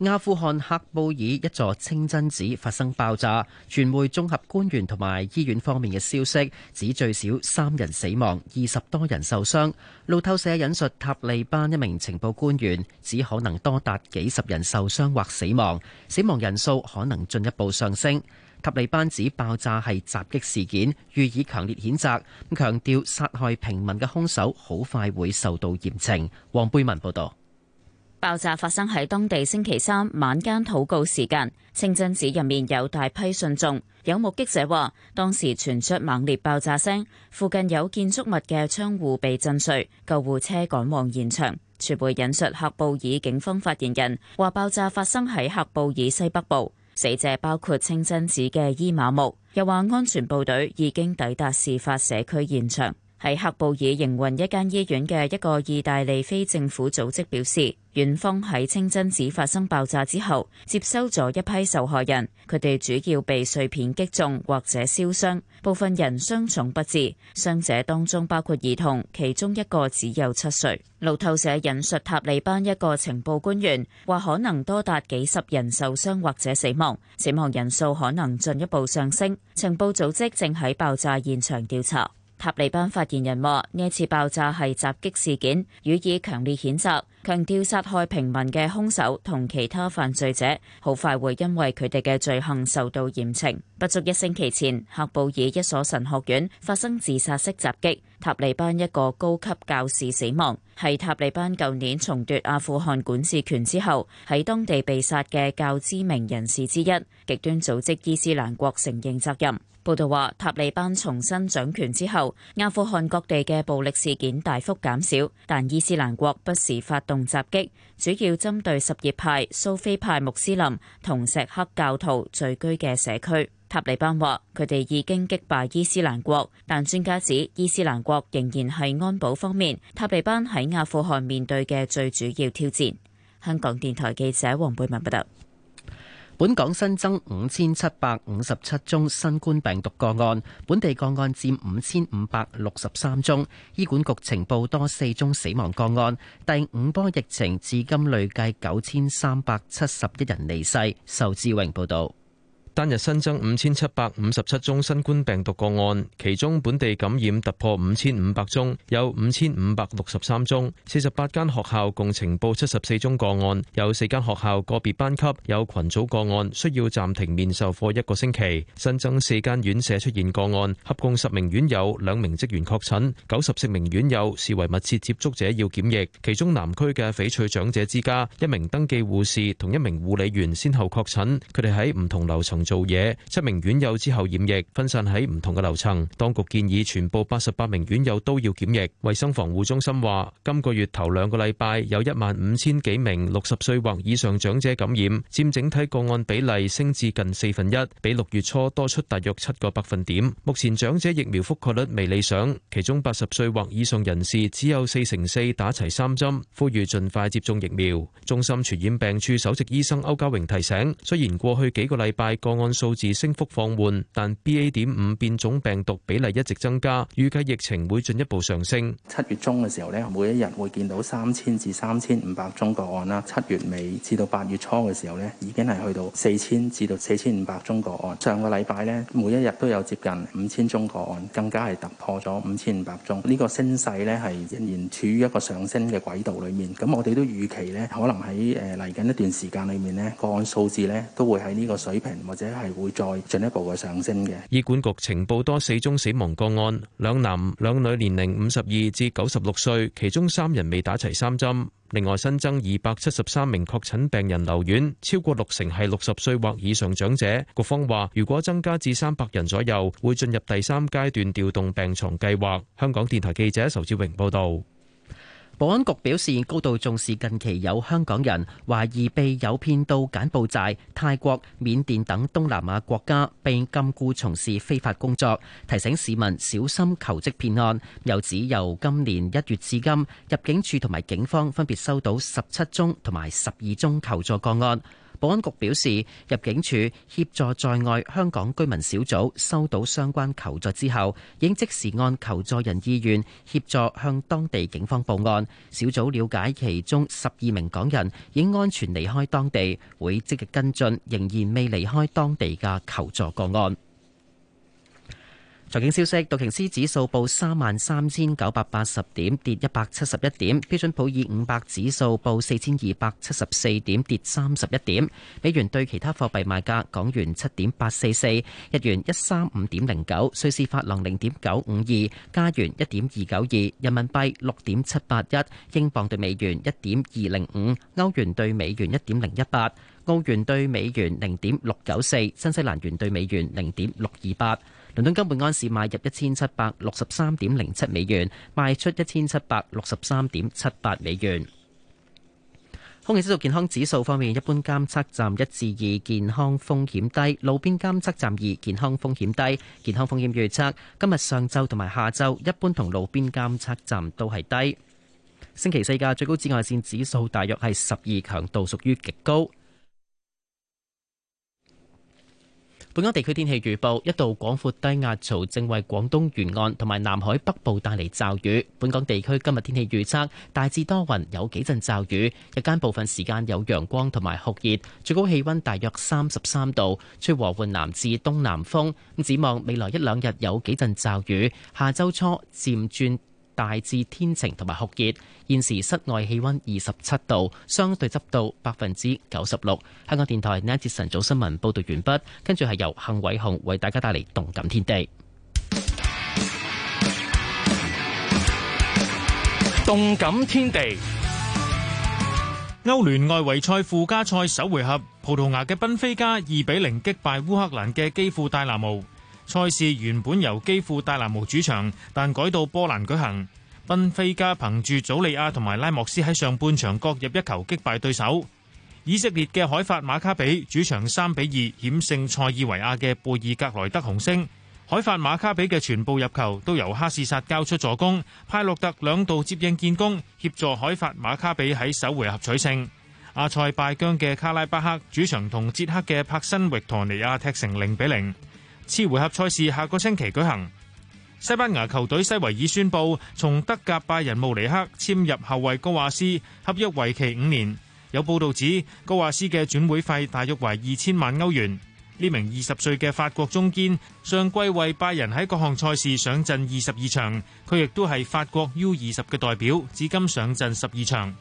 阿富汗喀布爾一座清真寺發生爆炸，傳媒綜合官員同埋醫院方面嘅消息，指最少三人死亡，二十多人受傷。路透社引述塔利班一名情報官員，指可能多達幾十人受傷或死亡，死亡人數可能進一步上升。塔利班指爆炸係襲擊事件，予以強烈譴責，強調殺害平民嘅兇手好快會受到嚴懲，黃貝文報道。爆炸發生喺當地星期三晚間禱告時間，清真寺入面有大批信眾，有目擊者話當時傳出猛烈爆炸聲，附近有建築物嘅窗戶被震碎，救護車趕往現場，傳媒引述喀布爾警方發言人話爆炸發生喺喀布爾西北部。死者包括清真寺嘅伊瑪目，又話安全部隊已經抵達事發社區現場。喺喀布爾營運一間醫院嘅一個意大利非政府組織表示，院方喺清真寺發生爆炸之後，接收咗一批受害人，佢哋主要被碎片擊中或者燒傷，部分人傷重不治。傷者當中包括兒童，其中一個只有七歲。路透社引述塔利班一個情報官員話，可能多達幾十人受傷或者死亡，死亡人數可能進一步上升。情報組織正喺爆炸現場調查。塔利班發言人話：呢次爆炸係襲擊事件，予以強烈譴責，強調殺害平民嘅凶手同其他犯罪者好快會因為佢哋嘅罪行受到嚴懲。不足一星期前，喀布爾一所神學院發生自殺式襲擊。塔利班一個高級教士死亡，係塔利班舊年重奪阿富汗管治權之後喺當地被殺嘅較知名人士之一。極端組織伊斯蘭國承認責任。報導話，塔利班重新掌權之後，阿富汗各地嘅暴力事件大幅減少，但伊斯蘭國不時發動襲擊，主要針對什葉派、蘇菲派穆斯林同錫克教徒聚居嘅社區。塔利班話佢哋已經擊敗伊斯蘭國，但專家指伊斯蘭國仍然係安保方面塔利班喺阿富汗面對嘅最主要挑戰。香港電台記者黃貝文報道。本港新增五千七百五十七宗新冠病毒個案，本地個案佔五千五百六十三宗。醫管局情報多四宗死亡個案，第五波疫情至今累計九千三百七十一人離世。壽志榮報道。單日新增五千七百五十七宗新冠病毒個案，其中本地感染突破五千五百宗，有五千五百六十三宗。四十八間學校共呈報七十四宗個案，有四間學校個別班級有群組個案，需要暫停面授課一個星期。新增四間院舍出現個案，合共十名院友、兩名職員確診，九十四名院友視為密切接觸者要檢疫。其中南區嘅翡翠長者之家，一名登記護士同一名護理員先後確診，佢哋喺唔同樓層。做嘢七名院友之後染疫，分散喺唔同嘅樓層。當局建議全部八十八名院友都要檢疫。衛生防護中心話，今個月頭兩個禮拜有一萬五千幾名六十歲或以上長者感染，佔整體個案比例升至近四分一，比六月初多出大約七個百分點。目前長者疫苗覆蓋率，率未理想，其中八十歲或以上人士只有四成四打齊三針。呼籲盡快接種疫苗。中心傳染病處首席醫生歐家榮提醒，雖然過去幾個禮拜個案數字升幅放緩，但 BA. 點五變種病毒比例一直增加，預計疫情會進一步上升。七月中嘅時候咧，每一日會見到三千至三千五百宗個案啦，七月尾至到八月初嘅時候咧，已經係去到四千至到四千五百宗個案。上個禮拜咧，每一日都有接近五千宗個案，更加係突破咗五千五百宗。呢個升勢咧係仍然處於一個上升嘅軌道裏面。咁我哋都預期咧，可能喺誒嚟緊一段時間裏面咧，個案數字咧都會喺呢個水平或者。係會再進一步嘅上升嘅。醫管局呈報多四宗死亡個案，兩男兩女，年齡五十二至九十六歲，其中三人未打齊三針。另外新增二百七十三名確診病人留院，超過六成係六十歲或以上長者。局方話，如果增加至三百人左右，會進入第三階段調動病床計劃。香港電台記者仇志榮報道。保安局表示，高度重視近期有香港人懷疑被誘騙到柬埔寨、泰國、緬甸等東南亞國家並禁錮從事非法工作，提醒市民小心求職騙案。又指由今年一月至今，入境處同埋警方分別收到十七宗同埋十二宗求助個案。保安局表示，入境處協助在外香港居民小組收到相關求助之後，已即時按求助人意願協助向當地警方報案。小組了解其中十二名港人已安全離開當地，會積極跟進仍然未離開當地嘅求助個案。財經消息：道瓊斯指數報三萬三千九百八十點，跌一百七十一點；標準普爾五百指數報四千二百七十四點，跌三十一點。美元對其他貨幣賣價：港元七點八四四，日元一三五點零九，瑞士法郎零點九五二，加元一點二九二，人民幣六點七八一，英鎊兌美元一點二零五，歐元兌美元一點零一八，澳元兌美元零點六九四，新西蘭元兌美元零點六二八。倫敦金每安士買入一千七百六十三點零七美元，賣出一千七百六十三點七八美元。空氣質素健康指數方面，一般監測站一至二，健康風險低；路邊監測站二，健康風險低。健康風險預測：今日上晝同埋下晝，一般同路邊監測站都係低。星期四嘅最高紫外線指數大約係十二，強度屬於極高。本港地區天氣預報：一道廣闊低壓槽正為廣東沿岸同埋南海北部帶嚟驟雨。本港地區今日天氣預測大致多雲，有幾陣驟雨，日間部分時間有陽光同埋酷熱，最高氣溫大約三十三度，吹和緩南至東南風。咁展望未來一兩日有幾陣驟雨，下周初漸轉大致天晴同埋酷熱。現時室外氣溫二十七度，相對濕度百分之九十六。香港電台呢一節晨早新聞報道完畢，跟住係由幸偉雄為大家帶嚟動感天地。動感天地。歐聯外圍賽附加賽首回合，葡萄牙嘅賓菲加二比零擊敗烏克蘭嘅基輔戴拿模。賽事原本由基輔戴拿模主場，但改到波蘭舉行。賓菲加憑住祖利亞同埋拉莫斯喺上半場各入一球擊敗對手。以色列嘅海法馬卡比主場三比二險勝塞爾維亞嘅貝爾格萊德紅星。海法馬卡比嘅全部入球都由哈士薩交出助攻，派洛特兩度接應建功，協助海法馬卡比喺首回合取勝。阿塞拜疆嘅卡拉巴克主場同捷克嘅柏辛域托尼亞踢成零比零。次回合賽事下個星期舉行。西班牙球隊西維爾宣布，從德甲拜仁慕尼黑簽入後衛高華斯，合約為期五年。有報道指，高華斯嘅轉會費大約為二千萬歐元。呢名二十歲嘅法國中堅，上季為拜仁喺各項賽事上陣二十二場，佢亦都係法國 U 二十嘅代表，至今上陣十二場。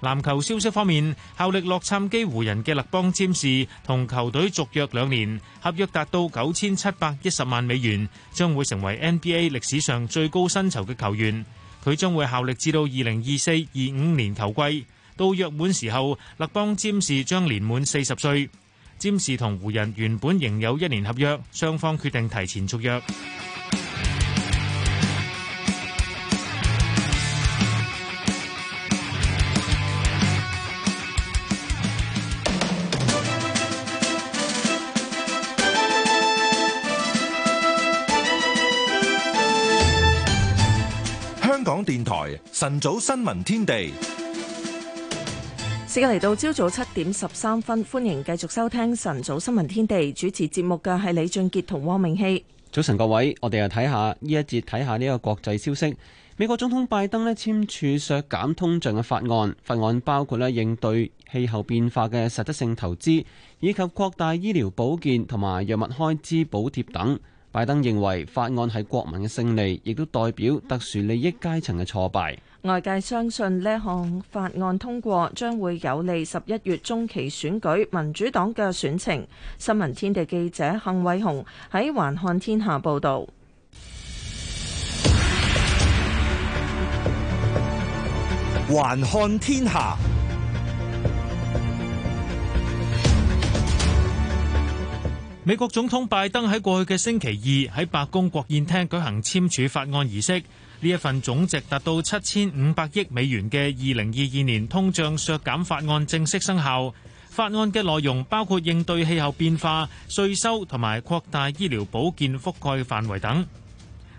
籃球消息方面，效力洛杉磯湖人嘅勒邦詹士同球隊續約兩年，合約達到九千七百一十萬美元，將會成為 NBA 歷史上最高薪酬嘅球員。佢將會效力至到二零二四二五年球季，到約滿時候，勒邦詹士將年滿四十歲。詹士同湖人原本仍有一年合約，雙方決定提前續約。晨早新聞天地，時間嚟到朝早七點十三分，歡迎繼續收聽晨早新聞天地。主持節目嘅係李俊杰同汪明熙。早晨各位，我哋又睇下呢一節，睇下呢一個國際消息。美國總統拜登呢簽署削減通脹嘅法案，法案包括呢應對氣候變化嘅實質性投資，以及擴大醫療保健同埋藥物開支補貼等。拜登認為法案係國民嘅勝利，亦都代表特殊利益階層嘅挫敗。外界相信呢項法案通過，將會有利十一月中期選舉民主黨嘅選情。新聞天地記者幸偉雄喺環看天下報道。環看天下。美國總統拜登喺過去嘅星期二喺白宮國宴廳舉行簽署法案儀式，呢一份總值達到七千五百億美元嘅二零二二年通脹削減法案正式生效。法案嘅內容包括應對氣候變化、稅收同埋擴大醫療保健覆蓋範圍等。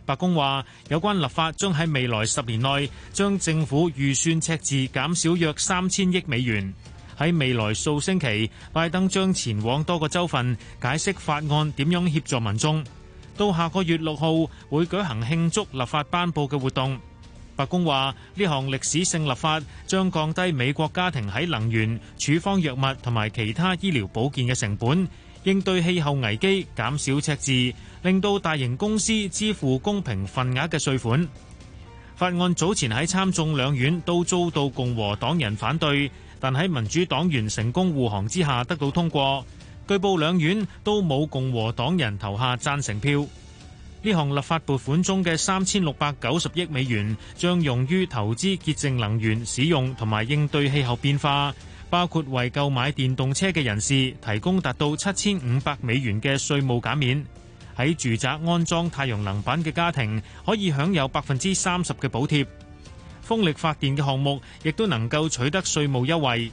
白宮話有關立法將喺未來十年內將政府預算赤字減少約三千億美元。喺未來數星期，拜登將前往多個州份解釋法案點樣協助民眾。到下個月六號會舉行慶祝立法頒布嘅活動。白宮話呢項歷史性立法將降低美國家庭喺能源、處方藥物同埋其他醫療保健嘅成本，應對氣候危機，減少赤字，令到大型公司支付公平份額嘅稅款。法案早前喺參眾兩院都遭到共和黨人反對。但喺民主黨員成功護航之下得到通過，據報兩院都冇共和黨人投下贊成票。呢項立法撥款中嘅三千六百九十億美元將用於投資潔淨能源使用同埋應對氣候變化，包括為購買電動車嘅人士提供達到七千五百美元嘅稅務減免，喺住宅安裝太陽能板嘅家庭可以享有百分之三十嘅補貼。風力發電嘅項目亦都能夠取得稅務優惠，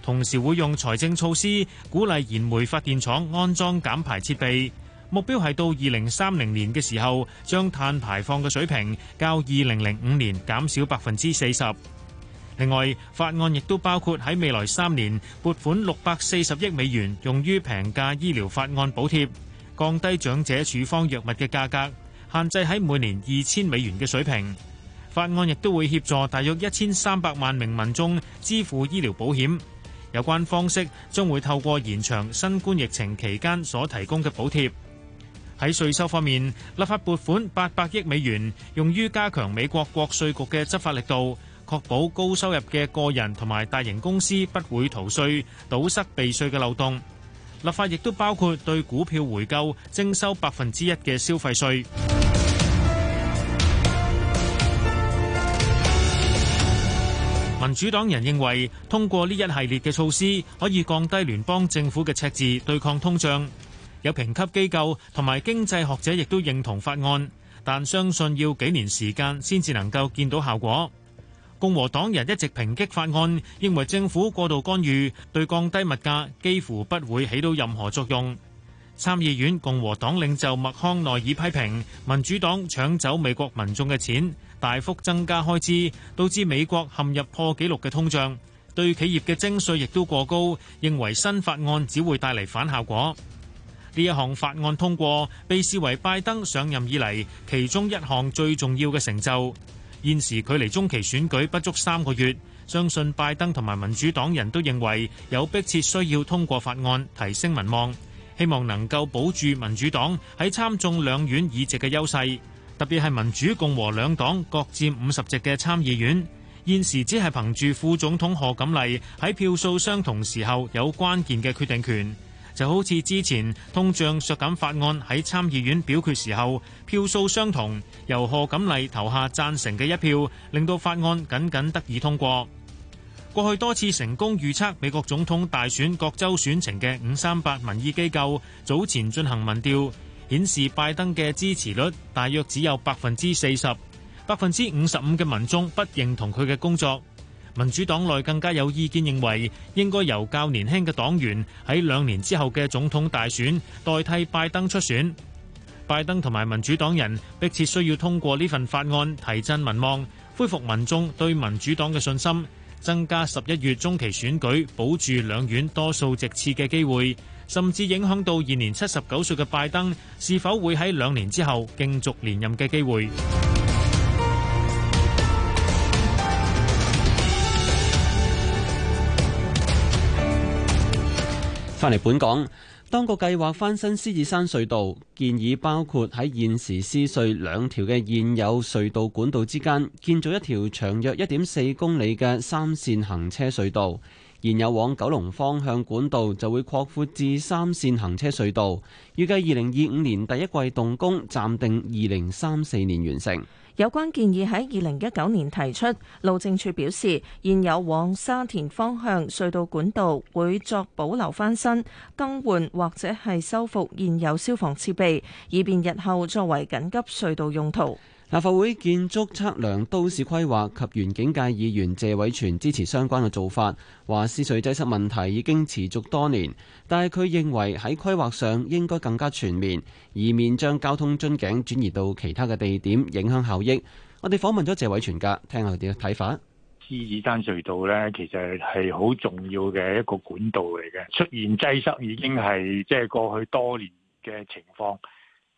同時會用財政措施鼓勵燃煤發電廠安裝減排設備。目標係到二零三零年嘅時候，將碳排放嘅水平較二零零五年減少百分之四十。另外，法案亦都包括喺未來三年撥款六百四十億美元，用於平價醫療法案補貼，降低長者處方藥物嘅價格，限制喺每年二千美元嘅水平。法案亦都會協助大約一千三百萬名民眾支付醫療保險。有關方式將會透過延長新冠疫情期間所提供嘅補貼。喺稅收方面，立法撥款八百億美元，用於加強美國國稅局嘅執法力度，確保高收入嘅個人同埋大型公司不會逃稅、堵塞避稅嘅漏洞。立法亦都包括對股票回購徵收百分之一嘅消費稅。民主黨人認為通過呢一系列嘅措施，可以降低聯邦政府嘅赤字，對抗通脹，有評級機構同埋經濟學者亦都認同法案，但相信要幾年時間先至能夠見到效果。共和黨人一直抨擊法案，認為政府過度干預，對降低物價幾乎不會起到任何作用。參議院共和黨領袖麥康奈爾批評民主黨搶走美國民眾嘅錢。大幅增加開支，導致美國陷入破紀錄嘅通脹，對企業嘅徵稅亦都過高，認為新法案只會帶嚟反效果。呢一項法案通過被視為拜登上任以嚟其中一項最重要嘅成就。現時距離中期選舉不足三個月，相信拜登同埋民主黨人都認為有迫切需要通過法案提升民望，希望能夠保住民主黨喺參眾兩院議席嘅優勢。特別係民主共和兩黨各佔五十席嘅參議院，現時只係憑住副總統賀錦麗喺票數相同時候有關鍵嘅決定權，就好似之前通脹削減法案喺參議院表決時候票數相同，由賀錦麗投下贊成嘅一票，令到法案僅僅得以通過。過去多次成功預測美國總統大選各州選情嘅五三八民意機構，早前進行民調。顯示拜登嘅支持率大約只有百分之四十，百分之五十五嘅民眾不認同佢嘅工作。民主黨內更加有意見認為應該由較年輕嘅黨員喺兩年之後嘅總統大選代替拜登出選。拜登同埋民主黨人迫切需要通過呢份法案提振民望，恢復民眾對民主黨嘅信心，增加十一月中期選舉保住兩院多數席次嘅機會。甚至影響到現年七十九歲嘅拜登，是否會喺兩年之後競逐連任嘅機會？翻嚟本港，當局計劃翻新獅子山隧道，建議包括喺現時獅隧兩條嘅現有隧道管道之間，建造一條長約一點四公里嘅三線行車隧道。現有往九龍方向管道就會擴闊至三線行車隧道，預計二零二五年第一季動工，暫定二零三四年完成。有關建議喺二零一九年提出，路政署表示，現有往沙田方向隧道管道會作保留翻新、更換或者係修復現有消防設備，以便日後作為緊急隧道用途。立法會建築測量、都市規劃及園境界議員謝偉銓支持相關嘅做法，話獅隧擠塞問題已經持續多年，但係佢認為喺規劃上應該更加全面，以免將交通樽頸轉移到其他嘅地點，影響效益。我哋訪問咗謝偉銓㗎，聽下佢點睇法。獅子山隧道咧，其實係好重要嘅一個管道嚟嘅，出現擠塞已經係即係過去多年嘅情況。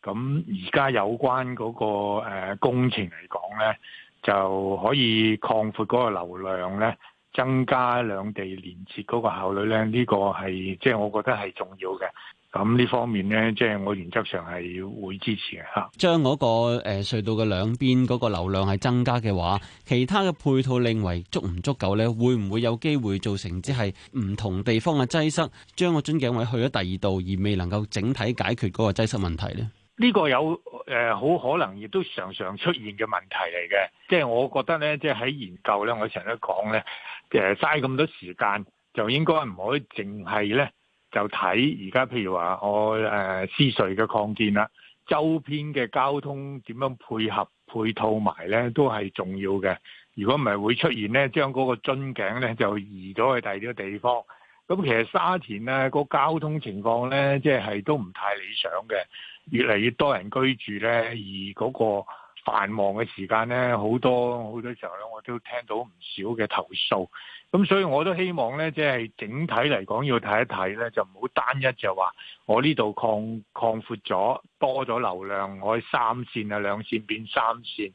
咁而家有關嗰個誒工程嚟講咧，就可以擴闊嗰個流量咧，增加兩地連接嗰個效率咧，呢個係即係我覺得係重要嘅。咁呢方面咧，即係我原則上係會支持嘅吓。將嗰個誒隧道嘅兩邊嗰個流量係增加嘅話，其他嘅配套令為足唔足夠咧？會唔會有機會造成只係唔同地方嘅擠塞？將個樽頸位去咗第二度，而未能夠整體解決嗰個擠塞問題咧？呢個有誒好、呃、可能，亦都常常出現嘅問題嚟嘅。即係我覺得咧，即係喺研究咧，我成日都講咧，誒嘥咁多時間，就應該唔可以淨係咧就睇而家譬如話我誒、呃、私隧嘅擴建啦，周邊嘅交通點樣配合配套埋咧，都係重要嘅。如果唔係會出現咧，將嗰個樽頸咧就移咗去第二個地方。咁其實沙田咧個交通情況咧，即係都唔太理想嘅。越嚟越多人居住咧，而嗰個繁忙嘅時間咧，好多好多時候咧，我都聽到唔少嘅投訴。咁所以我都希望咧，即係整體嚟講要睇一睇咧，就唔好單一就話我呢度擴擴闊咗多咗流量，我三線啊兩線變三線，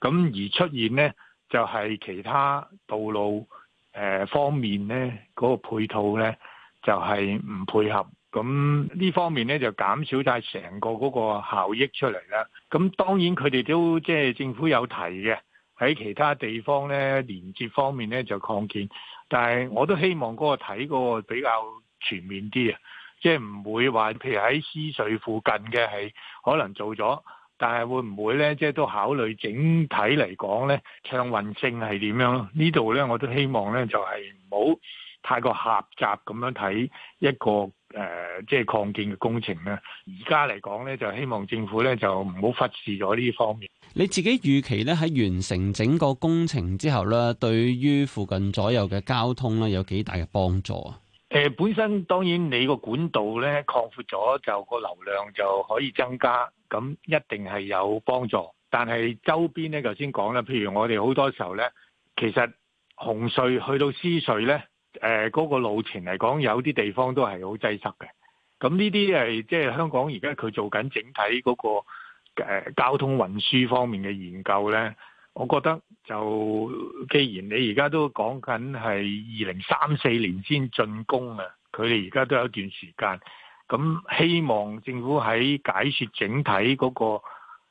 咁而出現呢，就係其他道路。誒方面咧，嗰、那個配套咧就係、是、唔配合，咁呢方面咧就減少晒成個嗰個效益出嚟啦。咁當然佢哋都即係、就是、政府有提嘅，喺其他地方咧連接方面咧就擴建，但係我都希望嗰個睇嗰個比較全面啲啊，即係唔會話譬如喺獅隧附近嘅係可能做咗。但係會唔會咧？即係都考慮整體嚟講咧，暢運性係點樣咯？呢度咧，我都希望咧，就係唔好太過狹窄咁樣睇一個誒、呃，即係擴建嘅工程咧。而家嚟講咧，就希望政府咧就唔好忽視咗呢方面。你自己預期咧喺完成整個工程之後咧，對於附近左右嘅交通咧，有幾大嘅幫助啊？誒、呃，本身當然你個管道咧擴闊咗，就個流量就可以增加。咁一定係有幫助，但係周邊呢，頭先講啦，譬如我哋好多時候呢，其實紅隧去到獅隧呢，誒、呃、嗰、嗰個路程嚟講，有啲地方都係好擠塞嘅。咁呢啲係即係香港而家佢做緊整體嗰、嗰個、呃、交通運輸方面嘅研究呢。我覺得就既然你而家都講緊係二零三四年先進攻啊，佢哋而家都有一段時間。咁希望政府喺解說整體嗰個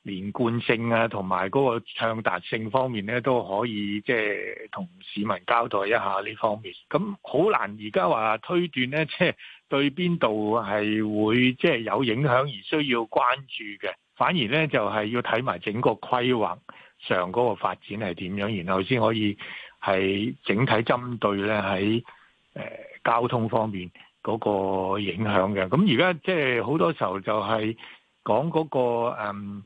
連貫性啊，同埋嗰個暢達性方面咧，都可以即係同市民交代一下呢方面。咁好難而家話推斷咧，即係對邊度係會即係有影響而需要關注嘅，反而咧就係要睇埋整個規劃上嗰個發展係點樣，然後先可以係整體針對咧喺誒交通方面。嗰個影響嘅，咁而家即係好多時候就係講嗰個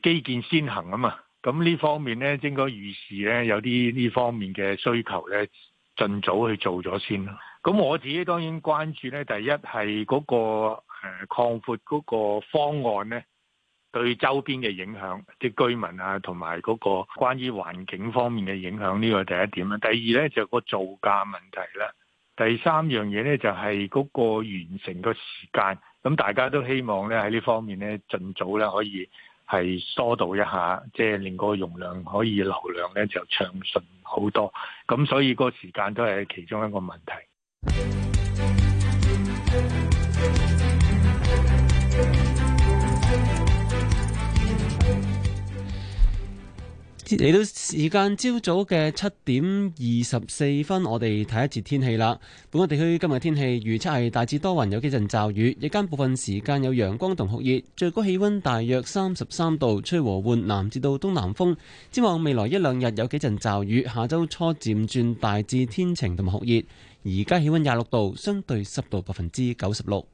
誒基建先行啊嘛，咁呢方面咧應該預示咧有啲呢方面嘅需求咧，盡早去做咗先咯。咁我自己當然關注咧，第一係嗰個誒擴闊嗰個方案咧，對周邊嘅影響，即係居民啊同埋嗰個關於環境方面嘅影響，呢個第一點啦。第二咧就個造價問題啦。第三樣嘢咧就係嗰個完成個時間，咁大家都希望咧喺呢方面咧盡早咧可以係疏導一下，即係令個容量可以流量咧就暢順好多，咁所以個時間都係其中一個問題。嚟到時間，朝早嘅七點二十四分，我哋睇一次天氣啦。本港地區今日天氣預測係大致多雲，有幾陣驟雨，日間部分時間有陽光同酷熱，最高氣温大約三十三度，吹和緩南至到東南風。展望未來一兩日有幾陣驟雨，下周初漸轉大致天晴同埋酷熱。而家氣温廿六度，相對濕度百分之九十六。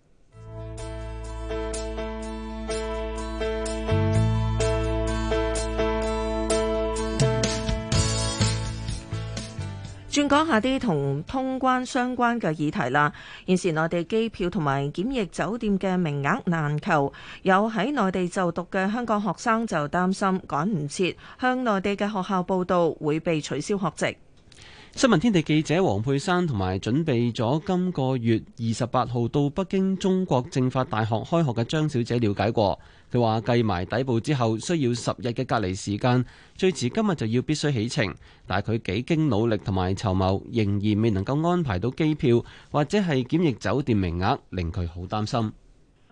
轉講下啲同通關相關嘅議題啦。現時內地機票同埋檢疫酒店嘅名額難求，有喺內地就讀嘅香港學生就擔心趕唔切，向內地嘅學校報到會被取消學籍。新聞天地記者黃佩珊同埋準備咗今個月二十八號到北京中國政法大學開學嘅張小姐了解過。佢話計埋底部之後，需要十日嘅隔離時間，最遲今日就要必須起程。但係佢幾經努力同埋籌謀，仍然未能夠安排到機票或者係檢疫酒店名額，令佢好擔心。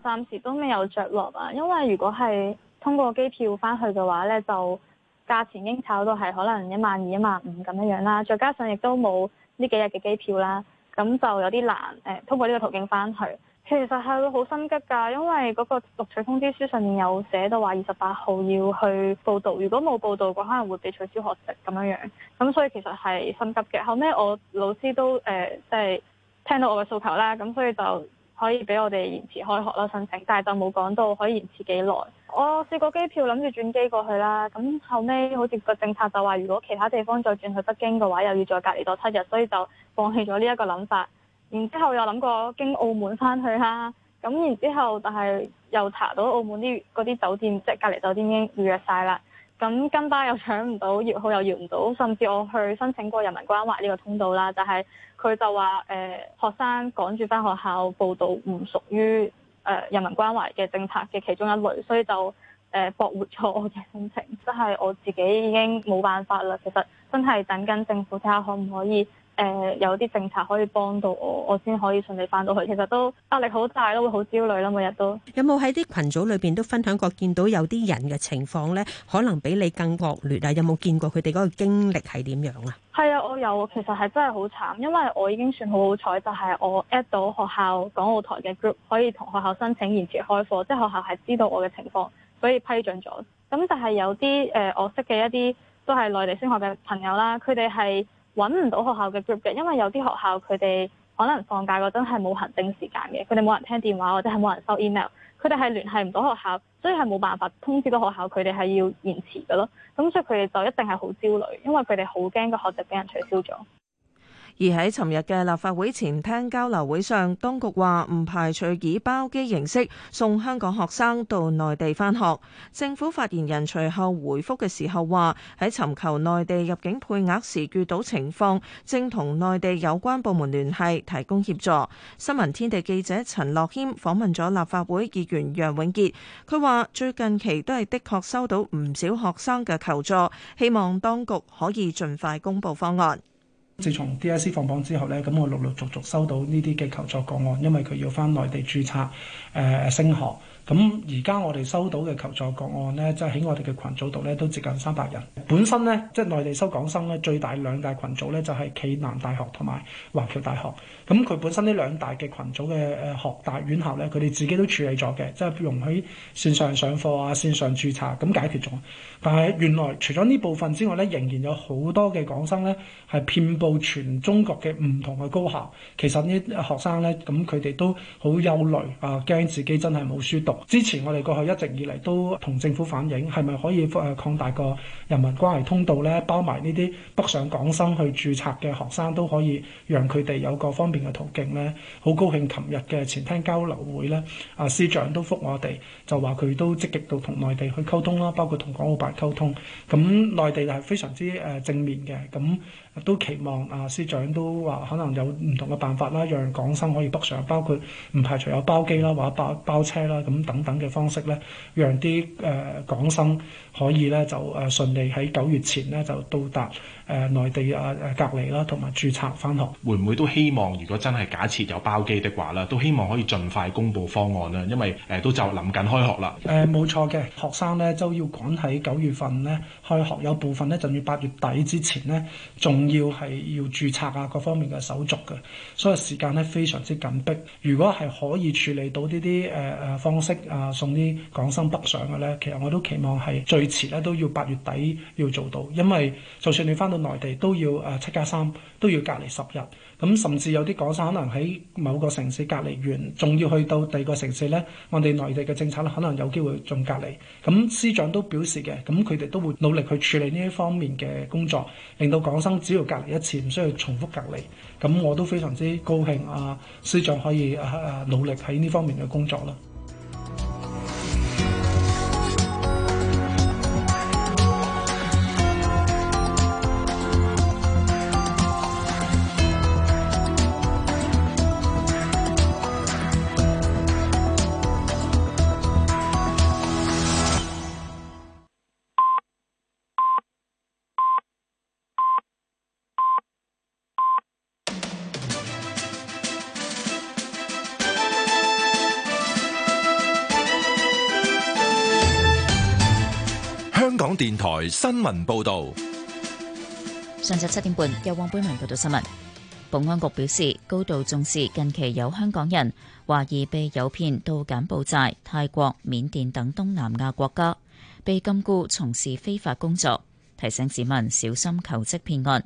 暫時都未有着落啊！因為如果係通過機票翻去嘅話咧，就價錢已經炒到係可能一萬二、一萬五咁樣樣啦。再加上亦都冇呢幾日嘅機票啦，咁就有啲難誒通過呢個途徑翻去。其實係會好心急㗎，因為嗰個錄取通知書上面有寫到話二十八號要去報到，如果冇報到嘅話，可能會被取消學籍咁樣樣。咁所以其實係心急嘅。後尾我老師都誒，即係聽到我嘅訴求啦，咁所以就可以俾我哋延遲開學啦申請，但係就冇講到可以延遲幾耐。我試過機票諗住轉機過去啦，咁後尾好似個政策就話，如果其他地方再轉去北京嘅話，又要再隔離多七日，所以就放棄咗呢一個諗法。然之後又諗過經澳門翻去啦，咁然之後但係又查到澳門啲啲酒店，即係隔離酒店已經預約晒啦。咁跟巴又搶唔到，預號又預唔到，甚至我去申請過人民關懷呢個通道啦，但係佢就話誒、呃、學生趕住翻學校報到，唔屬於誒人民關懷嘅政策嘅其中一類，所以就誒駁、呃、回咗我嘅申請。即係我自己已經冇辦法啦，其實真係等緊政府睇下可唔可以。誒有啲政策可以幫到我，我先可以順利翻到去。其實都壓力好大咯，會好焦慮啦，每日都。有冇喺啲群組裏邊都分享過見到有啲人嘅情況呢，可能比你更惡劣啊？有冇見過佢哋嗰個經歷係點樣啊？係啊，我有啊。其實係真係好慘，因為我已經算好好彩，就係我 at 到學校港澳台嘅 group，可以同學校申請延遲開課，即係學校係知道我嘅情況，所以批准咗。咁但係有啲誒，我識嘅一啲都係內地升學嘅朋友啦，佢哋係。揾唔到學校嘅 group 嘅，因為有啲學校佢哋可能放假嗰陣係冇行政時間嘅，佢哋冇人聽電話或者係冇人收 email，佢哋係聯繫唔到學校，所以係冇辦法通知到學校佢哋係要延遲㗎囉。咁所以佢哋就一定係好焦慮，因為佢哋好驚個學籍俾人取消咗。而喺尋日嘅立法會前廳交流會上，當局話唔排除以包機形式送香港學生到內地返學。政府發言人隨後回覆嘅時候話：喺尋求內地入境配額時遇到情況，正同內地有關部門聯繫，提供協助。新聞天地記者陳樂謙訪問咗立法會議員楊永傑，佢話最近期都係的確收到唔少學生嘅求助，希望當局可以盡快公布方案。自從 DSE 放榜之後咧，咁我陸陸續續收到呢啲嘅求助個案，因為佢要返內地註冊誒升學。咁而家我哋收到嘅求助個案咧，即係喺我哋嘅群組度咧，都接近三百人。本身咧，即係內地收港生咧，最大兩大群組咧，就係、是、暨南大學同埋華僑大學。咁佢本身呢兩大嘅群組嘅誒學大院校咧，佢哋自己都處理咗嘅，即、就、係、是、容許線上上課啊，線上註冊，咁解決咗。但係原來除咗呢部分之外咧，仍然有好多嘅港生咧係遍佈全中國嘅唔同嘅高校。其實呢學生咧，咁佢哋都好憂慮啊，驚自己真係冇書讀。之前我哋過去一直以嚟都同政府反映，係咪可以擴大個人民關係通道咧？包埋呢啲北上港生去註冊嘅學生都可以，讓佢哋有個方便嘅途徑咧。好高興，琴日嘅前廳交流會咧，啊司長都覆我哋，就話佢都積極到同內地去溝通啦，包括同港澳辦。溝通咁，內地就係非常之誒、呃、正面嘅咁。都期望啊，司長都話可能有唔同嘅辦法啦，讓港生可以北上，包括唔排除有包機啦，或者包包車啦，咁等等嘅方式咧，讓啲誒、呃、港生可以咧就誒順利喺九月前咧就到達誒、呃、內地啊隔離啦，同埋註冊返學。會唔會都希望，如果真係假設有包機的話咧，都希望可以盡快公布方案咧，因為誒、呃、都就諗緊開學啦。誒冇、呃、錯嘅，學生咧就要趕喺九月份咧開學，有部分咧就要八月底之前咧仲。要係要註冊啊，各方面嘅手續嘅，所以時間咧非常之緊迫。如果係可以處理到呢啲誒誒方式啊、呃，送啲港生北上嘅咧，其實我都期望係最遲咧都要八月底要做到，因為就算你翻到內地都要誒七加三，都要隔離十日。咁甚至有啲港生可能喺某個城市隔離完，仲要去到第二個城市呢，我哋內地嘅政策可能有機會仲隔離。咁司長都表示嘅，咁佢哋都會努力去處理呢一方面嘅工作，令到港生只要隔離一次，唔需要重複隔離。咁我都非常之高興啊，司長可以啊努力喺呢方面嘅工作啦。電台新聞報道：上晝七點半，由黃佩文報道新聞。保安局表示高度重視近期有香港人懷疑被誘騙到柬埔寨、泰國、緬甸等東南亞國家被禁錮從事非法工作，提醒市民小心求職騙案。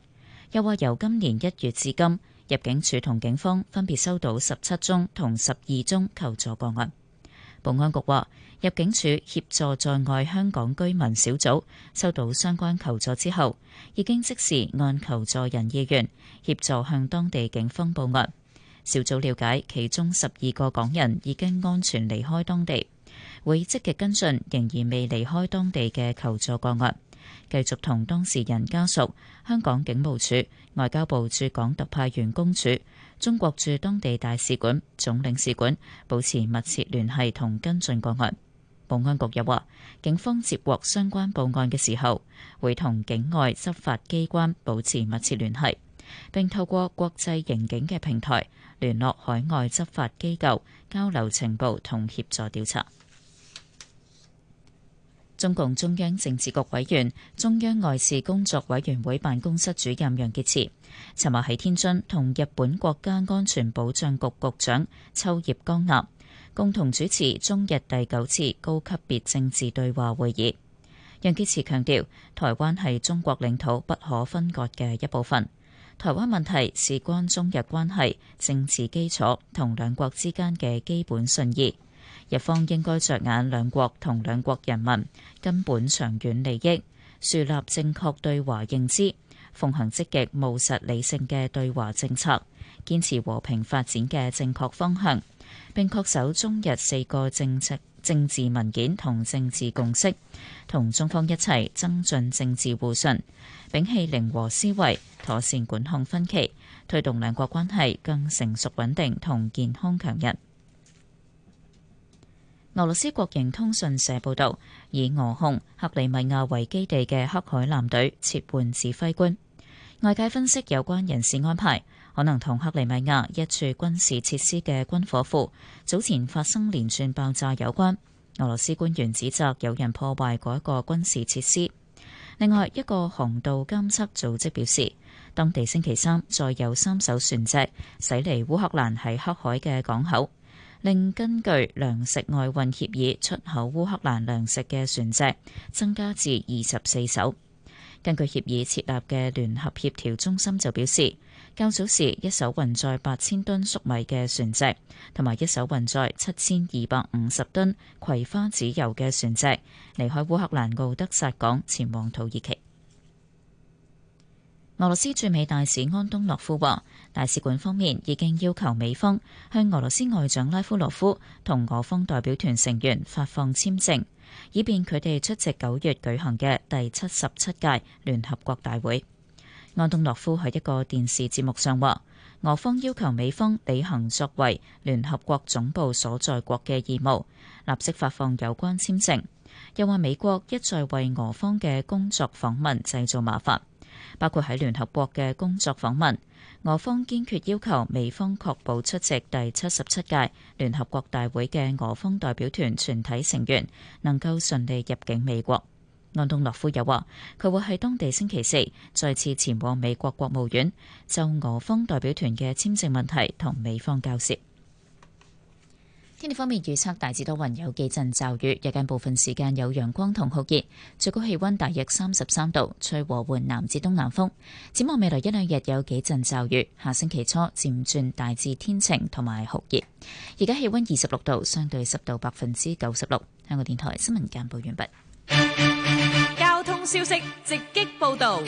又話由今年一月至今，入境處同警方分別收到十七宗同十二宗求助個案。保安局話，入境處協助在外香港居民小組收到相關求助之後，已經即時按求助人意願協助向當地警方報案。小組了解其中十二個港人已經安全離開當地，會積極跟進仍然未離開當地嘅求助個案，繼續同當事人家屬、香港警務處、外交部駐港特派員公署、中國駐當地大使館、總領事館保持密切聯繫同跟進個案。保安局又話，警方接獲相關報案嘅時候，會同境外執法機關保持密切聯繫，並透過國際刑警嘅平台聯絡海外執法機構，交流情報同協助調查。中共中央政治局委員、中央外事工作委員會辦公室主任楊潔篪，尋日喺天津同日本國家安全保障局局長秋葉剛男共同主持中日第九次高級別政治對話會議，楊潔篪強調，台灣係中國領土不可分割嘅一部分，台灣問題事關中日關係政治基礎同兩國之間嘅基本信義，日方應該着眼兩國同兩國人民根本長遠利益，樹立正確對華認知，奉行積極務實理性嘅對華政策，堅持和平發展嘅正確方向，並恪守中日四個政治政治文件同政治共識，同中方一齊增進政治互信，摒棄零和思維，妥善管控分歧，推動兩國關係更成熟穩定同健康強人。俄羅斯國營通訊社報導，以俄控克里米亞為基地嘅黑海艦隊撤換指揮官。外界分析有關人事安排，可能同克里米亞一處軍事設施嘅軍火庫早前發生連串爆炸有關。俄羅斯官員指責有人破壞嗰一個軍事設施。另外一個航道監測組織表示，當地星期三再有三艘船隻駛離烏克蘭喺黑海嘅港口，另根據糧食外運協議出口烏克蘭糧食嘅船隻增加至二十四艘。根據協議設立嘅聯合協調中心就表示，較早時一艘運載八千噸粟米嘅船隻，同埋一艘運載七千二百五十噸葵花籽油嘅船隻離開烏克蘭敖德薩港，前往土耳其。俄羅斯駐美大使安東諾夫話：大使館方面已經要求美方向俄羅斯外長拉夫羅夫同俄方代表團成員發放簽證。以便佢哋出席九月舉行嘅第七十七屆聯合國大會，安東諾夫喺一個電視節目上話，俄方要求美方履行作為聯合國總部所在國嘅義務，立即發放有關簽證，又話美國一再為俄方嘅工作訪問製造麻煩，包括喺聯合國嘅工作訪問。俄方堅決要求美方確保出席第七十七屆聯合國大會嘅俄方代表團全體成員能夠順利入境美國。安東諾夫又話，佢會喺當地星期四再次前往美國國務院，就俄方代表團嘅簽證問題同美方交涉。天氣方面，預測大致多雲，有幾陣驟雨，日間部分時間有陽光同酷熱，最高氣温大約三十三度，吹和緩南至東南風。展望未來一兩日有幾陣驟雨，下星期初漸轉大致天晴同埋酷熱。而家氣温二十六度，相對濕度百分之九十六。香港電台新聞簡報完畢。交通消息直擊報道。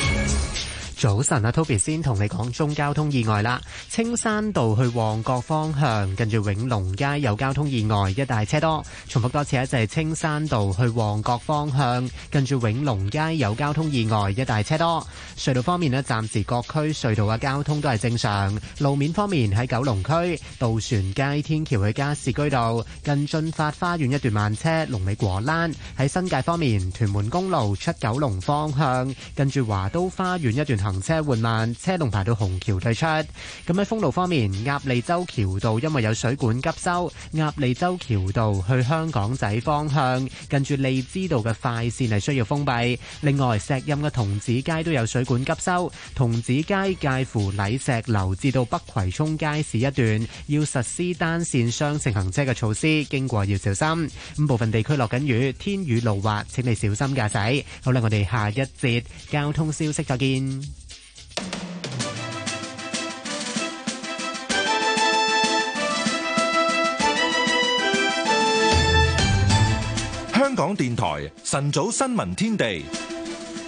早晨啊，Toby 先同你講中交通意外啦。青山道去旺角方向，近住永隆街有交通意外，一帶車多。重複多次啊，就係青山道去旺角方向，近住永隆街有交通意外，一帶車多。隧道方面咧，暫時各區隧道嘅交通都係正常。路面方面喺九龍區渡船街天橋去加士居道近駿發花園一段慢車，龍尾果欄。喺新界方面，屯門公路出九龍方向，近住華都花園一段。行車緩慢，車龍排到紅橋對出。咁喺封路方面，鴨脷洲橋道因為有水管急修，鴨脷洲橋道去香港仔方向近住利枝道嘅快線係需要封閉。另外，石蔭嘅童子街都有水管急修，童子街介乎禮石樓至到北葵涌街市一段要實施單線雙程行車嘅措施，經過要小心。咁部分地區落緊雨，天雨路滑，請你小心駕駛。好啦，我哋下一節交通消息再見。港電台晨早新聞天地，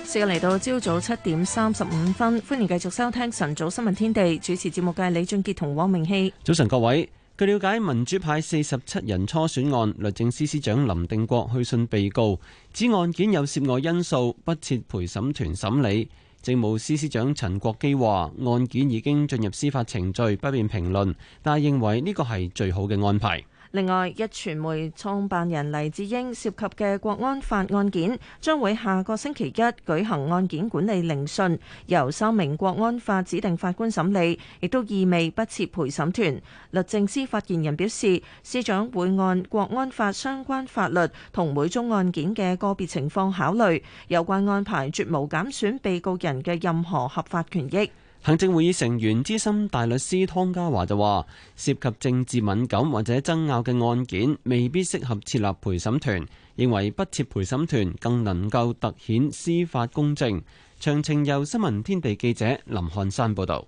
時間嚟到朝早七點三十五分，歡迎繼續收聽晨早新聞天地，主持節目嘅李俊杰同汪明熙。早晨各位，據了解，民主派四十七人初選案，律政司司長林定國去信被告，指案件有涉外因素，不設陪審團審理。政務司司長陳國基話，案件已經進入司法程序，不便評論，但係認為呢個係最好嘅安排。另外，壹傳媒創辦人黎智英涉及嘅國安法案件，將會下個星期一舉行案件管理聆訊，由三名國安法指定法官審理，亦都意味不設陪審團。律政司發言人表示，司長會按國安法相關法律同每宗案件嘅個別情況考慮有關安排，絕無減損被告人嘅任何合法權益。行政會議成員資深大律師湯家驊就話，涉及政治敏感或者爭拗嘅案件，未必適合設立陪審團，認為不設陪審團更能夠凸顯司法公正。詳情由新聞天地記者林漢山報道。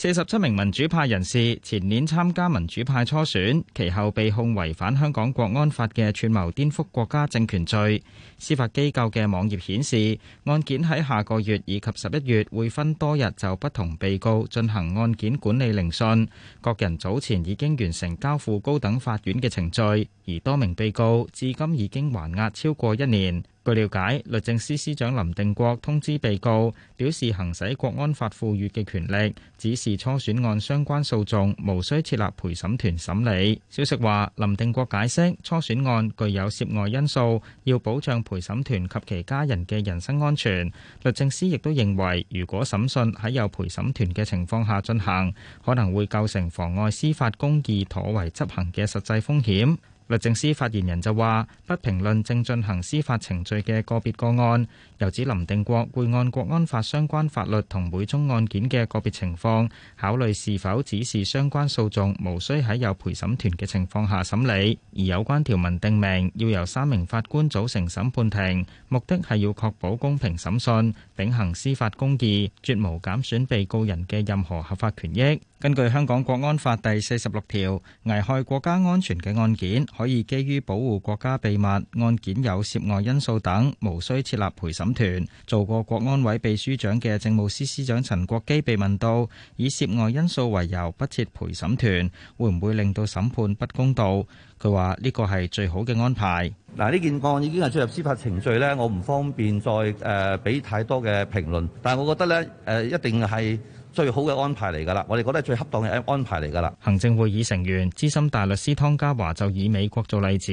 四十七名民主派人士前年參加民主派初選，其後被控違反香港國安法嘅串謀顛覆國家政權罪。司法機構嘅網頁顯示，案件喺下個月以及十一月會分多日就不同被告進行案件管理聆訊，各人早前已經完成交付高等法院嘅程序，而多名被告至今已經還押超過一年。據了解，律政司司長林定國通知被告，表示行使國安法賦予嘅權力，指示初選案相關訴訟無需設立陪審團審理。消息話，林定國解釋，初選案具有涉外因素，要保障陪審團及其家人嘅人身安全。律政司亦都認為，如果審訊喺有陪審團嘅情況下進行，可能會構成妨礙司法公義妥為執行嘅實際風險。律政司發言人就話：不評論正進行司法程序嘅個別個案，又指林定國會按國安法相關法律同每宗案件嘅個別情況，考慮是否指示相關訴訟無需喺有陪審團嘅情況下審理，而有關條文定明要由三名法官組成審判庭，目的係要確保公平審訊，秉行司法公義，絕無減損被告人嘅任何合法權益。根據香港國安法第四十六條，危害國家安全嘅案件可以基於保護國家秘密、案件有涉外因素等，無需設立陪審團。做過國安委秘書長嘅政務司司長陳國基被問到，以涉外因素為由不設陪審團，會唔會令到審判不公道？佢話呢個係最好嘅安排。嗱，呢件案已經係進入司法程序呢，我唔方便再誒俾太多嘅評論，但係我覺得呢，誒一定係。最好嘅安排嚟噶啦，我哋覺得最恰當嘅安排嚟噶啦。行政會議成員資深大律師湯家驊就以美國做例子。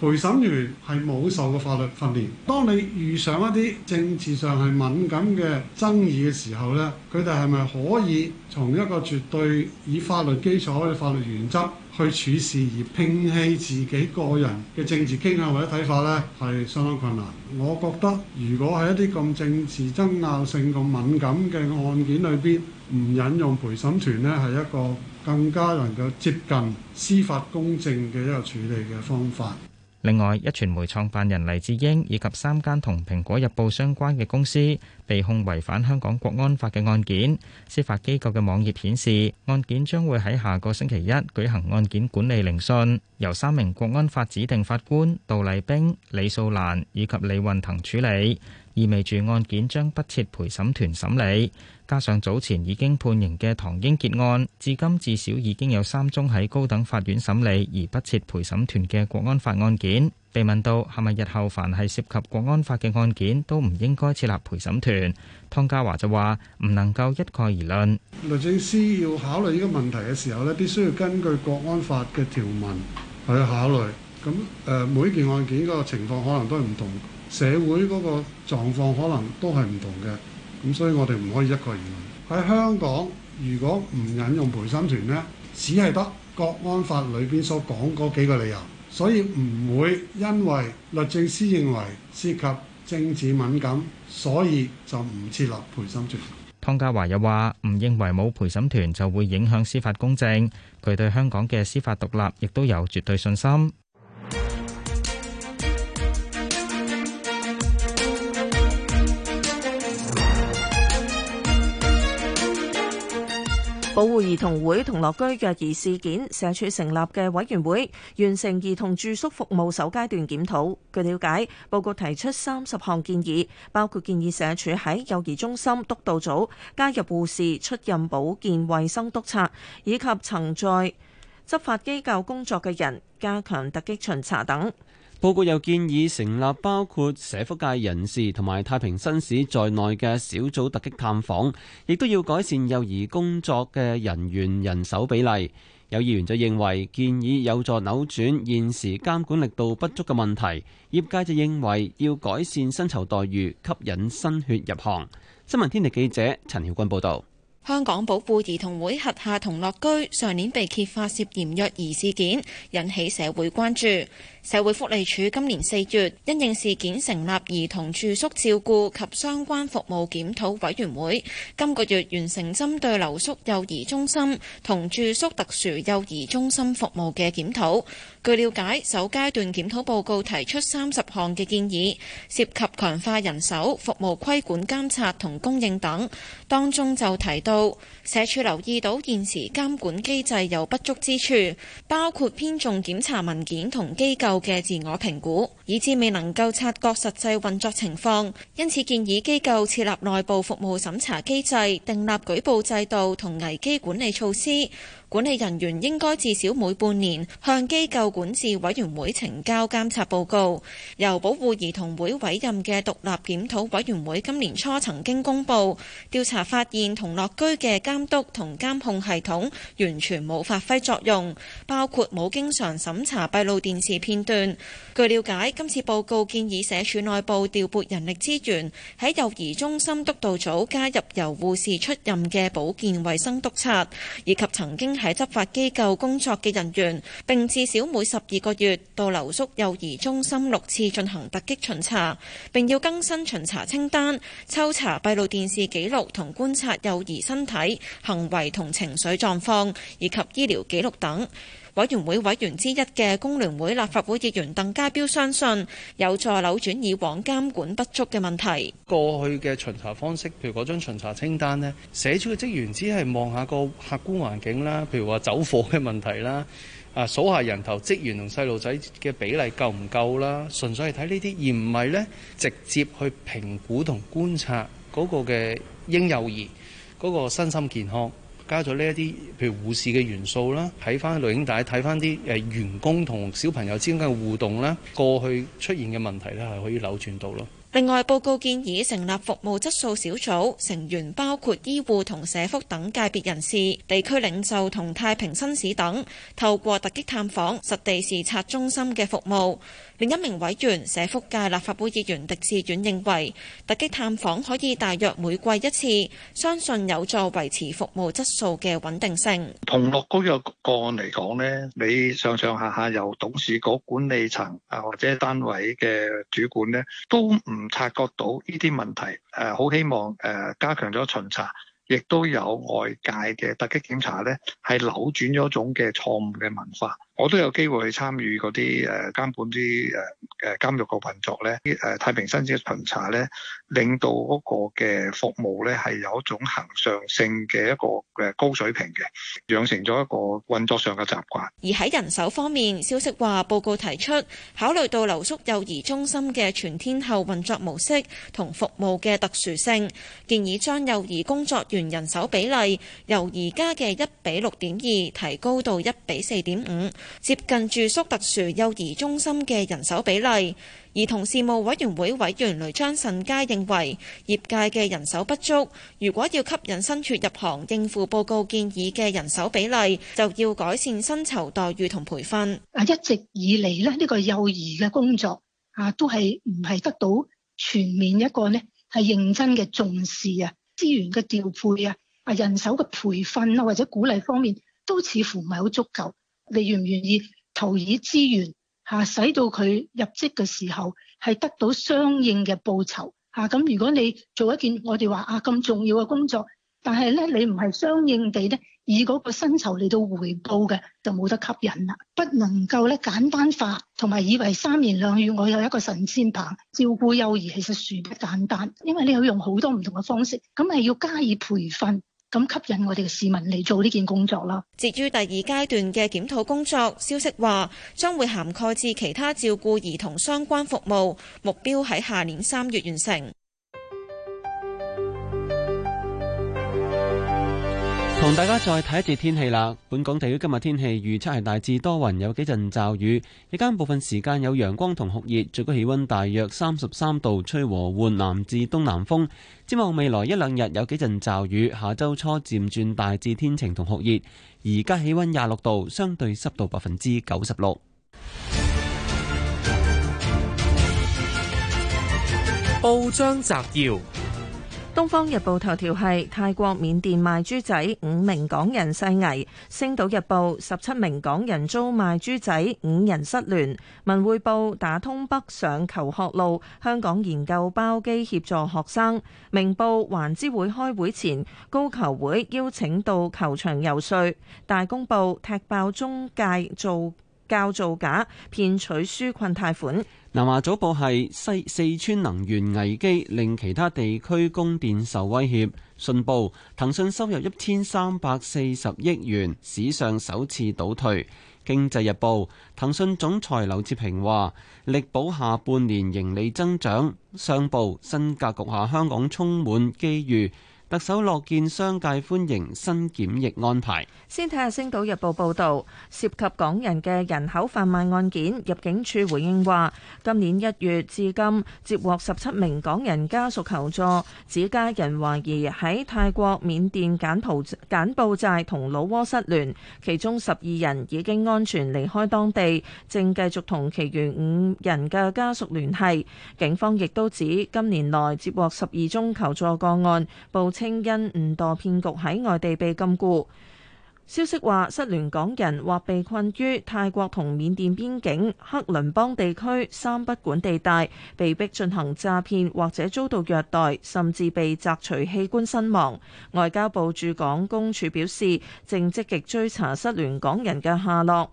陪審員係冇受過法律訓練。當你遇上一啲政治上係敏感嘅爭議嘅時候咧，佢哋係咪可以從一個絕對以法律基礎或者法律原則去處事而摒棄自己個人嘅政治傾向或者睇法咧，係相當困難。我覺得，如果喺一啲咁政治爭拗性咁敏感嘅案件裏邊，唔引用陪審團咧，係一個更加能夠接近司法公正嘅一個處理嘅方法。另外，一傳媒創辦人黎智英以及三間同《蘋果日報》相關嘅公司，被控違反香港國安法嘅案件，司法機構嘅網頁顯示，案件將會喺下個星期一舉行案件管理聆訊，由三名國安法指定法官杜麗冰、李素蘭以及李運騰處理，意味住案件將不設陪審團審理。加上早前已經判刑嘅唐英傑案，至今至少已經有三宗喺高等法院審理而不設陪審團嘅國安法案件。被問到係咪日後凡係涉及國安法嘅案件都唔應該設立陪審團，湯家驊就話唔能夠一概而論。律政司要考慮呢個問題嘅時候咧，必須要根據國安法嘅條文去考慮，咁誒每件案件個情況可能都係唔同，社會嗰個狀況可能都係唔同嘅。咁所以我哋唔可以一個願喺香港，如果唔引用陪審團呢，只係得《國安法》裏邊所講嗰幾個理由，所以唔會因為律政司認為涉及政治敏感，所以就唔設立陪審團。湯家驊又話：唔認為冇陪審團就會影響司法公正，佢對香港嘅司法獨立亦都有絕對信心。保護兒童會同樂居虐兒事件，社署成立嘅委員會完成兒童住宿服務首階段檢討。據了解，報告提出三十項建議，包括建議社署喺幼兒中心督導組加入護士出任保健衛生督察，以及曾在執法機構工作嘅人加強突擊巡查等。報告又建議成立包括社福界人士同埋太平紳士在內嘅小組，突擊探訪，亦都要改善幼兒工作嘅人員人手比例。有議員就認為建議有助扭轉現時監管力度不足嘅問題，業界就認為要改善薪酬待遇，吸引新血入行。新聞天地記者陳曉君報道，香港保護兒童會轄下童樂居上年被揭發涉嫌虐兒事件，引起社會關注。社會福利署今年四月因應事件成立兒童住宿照顧及相關服務檢討委員會，今個月完成針對留宿幼兒中心同住宿特殊幼兒中心服務嘅檢討。據了解，首階段檢討報告提出三十項嘅建議，涉及強化人手、服務規管監察同供應等。當中就提到，社署留意到現時監管機制有不足之處，包括偏重檢查文件同機構。嘅自我評估，以至未能夠察覺實際運作情況，因此建議機構設立內部服務審查機制，訂立舉報制度同危機管理措施。管理人員應該至少每半年向機構管治委員會呈交監察報告。由保護兒童會委任嘅獨立檢討委員會今年初曾經公布調查發現同樂居嘅監督同監控系統完全冇發揮作用，包括冇經常審查閉路電視片段。據了解，今次報告建議社署內部調撥人力資源喺幼兒中心督導組加入由護士出任嘅保健衛生督察，以及曾經喺執法機構工作嘅人員，並至少每十二個月到留宿幼兒中心六次進行突擊巡查，並要更新巡查清單、抽查閉路電視記錄，同觀察幼兒身體、行為同情緒狀況，以及醫療記錄等。委員會委員之一嘅工聯會立法會議員鄧家彪相信有助扭轉以往監管不足嘅問題。過去嘅巡查方式，譬如嗰張巡查清單咧，寫出嘅職員只係望下個客觀環境啦，譬如話走火嘅問題啦，啊數下人頭職員同細路仔嘅比例夠唔夠啦，純粹係睇呢啲，而唔係呢直接去評估同觀察嗰個嘅嬰幼兒嗰個身心健康。加咗呢一啲，譬如護士嘅元素啦，睇翻錄影帶，睇翻啲誒員工同小朋友之間嘅互動啦，過去出現嘅問題咧，係可以扭轉到咯。另外，報告建議成立服務質素小組，成員包括醫護同社福等界別人士、地區領袖同太平紳士等，透過突擊探訪、實地視察中心嘅服務。另一名委員社福界立法會議員狄志遠認為，突擊探訪可以大約每季一次，相信有助維持服務質素嘅穩定性。同樂谷嘅個案嚟講咧，你上上下下由董事局、管理層啊或者單位嘅主管咧，都唔察覺到呢啲問題。誒，好希望誒加強咗巡查，亦都有外界嘅突擊檢查咧，係扭轉咗種嘅錯誤嘅文化。我都有機會去參與嗰啲誒監管啲誒誒監獄個運作咧，啲太平紳士嘅巡查咧，令到嗰個嘅服務咧係有一種恆常性嘅一個誒高水平嘅，養成咗一個運作上嘅習慣。而喺人手方面，消息話報告提出考慮到留宿幼兒中心嘅全天候運作模式同服務嘅特殊性，建議將幼兒工作員人手比例由而家嘅一比六點二提高到一比四點五。接近住宿特殊幼兒中心嘅人手比例，兒童事務委員會委員雷張慎佳認為業界嘅人手不足，如果要吸引新血入行應付報告建議嘅人手比例，就要改善薪酬待遇同培訓。啊，一直以嚟咧，呢、這個幼兒嘅工作啊，都係唔係得到全面一個咧係認真嘅重視啊，資源嘅調配啊，啊人手嘅培訓啊或者鼓勵方面都似乎唔係好足夠。你願唔願意投以資源嚇、啊，使到佢入職嘅時候係得到相應嘅報酬嚇？咁、啊、如果你做一件我哋話啊咁重要嘅工作，但係咧你唔係相應地咧以嗰個薪酬嚟到回報嘅，就冇得吸引啦。不能夠咧簡單化，同埋以為三言兩語我有一個神仙棒照顧幼兒，其實唔簡單，因為你要用好多唔同嘅方式，咁係要加以培訓。咁吸引我哋嘅市民嚟做呢件工作啦。至於第二階段嘅檢討工作，消息話將會涵蓋至其他照顧兒童相關服務，目標喺下年三月完成。同大家再睇一節天氣啦。本港地區今日天氣預測係大致多雲，有幾陣驟雨，期間部分時間有陽光同酷熱，最高氣温大約三十三度，吹和緩南至東南風。展望未來一兩日有幾陣驟雨，下周初漸轉大致天晴同酷熱，而家氣温廿六度，相對濕度百分之九十六。報章摘要。《東方日報》頭條係泰國、緬甸賣豬仔，五名港人勢危；《星島日報》十七名港人遭賣豬仔，五人失聯。《文匯報》打通北上求學路，香港研究包機協助學生。《明報》環諮會開會前，高球會邀請到球場游説。《大公報》踢爆中介做。教造假騙取紓困貸款。南華早報係西四川能源危機，令其他地區供電受威脅。信報騰訊收入一千三百四十億元，史上首次倒退。經濟日報騰訊總裁劉熾平話：力保下半年盈利增長。商報新格局下，香港充滿機遇。特首樂見商界歡迎新檢疫安排。先睇下《星島日報》報導，涉及港人嘅人口販賣案件，入境處回應話：今年一月至今接獲十七名港人家屬求助，指家人懷疑喺泰國、緬甸、柬埔寨、柬埔寨同老撾失聯，其中十二人已經安全離開當地，正繼續同其餘五人嘅家屬聯繫。警方亦都指今年內接獲十二宗求助個案，報，稱因誤墮騙局喺外地被禁錮，消息話失聯港人或被困於泰國同緬甸邊境、克倫邦地區三不管地帶，被迫進行詐騙或者遭到虐待，甚至被摘除器官身亡。外交部駐港公署表示，正積極追查失聯港人嘅下落。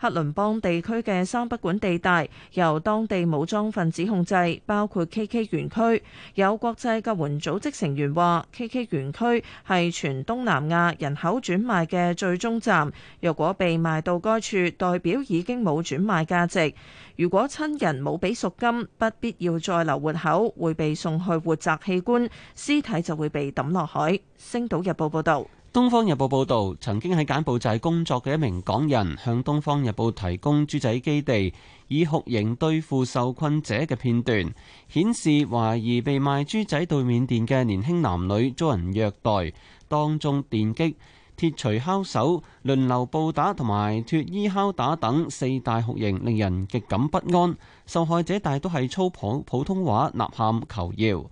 克倫邦地區嘅三不管地帶由當地武裝分子控制，包括 KK 園區。有國際救援組織成員話，KK 園區係全東南亞人口轉賣嘅最終站。若果被賣到該處，代表已經冇轉賣價值。如果親人冇俾贖金，不必要再留活口，會被送去活摘器官，屍體就會被抌落海。星島日報報道。《東方日報》報導，曾經喺柬埔寨工作嘅一名港人向《東方日報》提供豬仔基地以酷刑對付受困者嘅片段，顯示懷疑被賣豬仔到緬甸嘅年輕男女遭人虐待，當中電擊、鐵錘敲手、輪流暴打同埋脫衣敲打等四大酷刑，令人極感不安。受害者大多係粗普普通話吶喊求饒。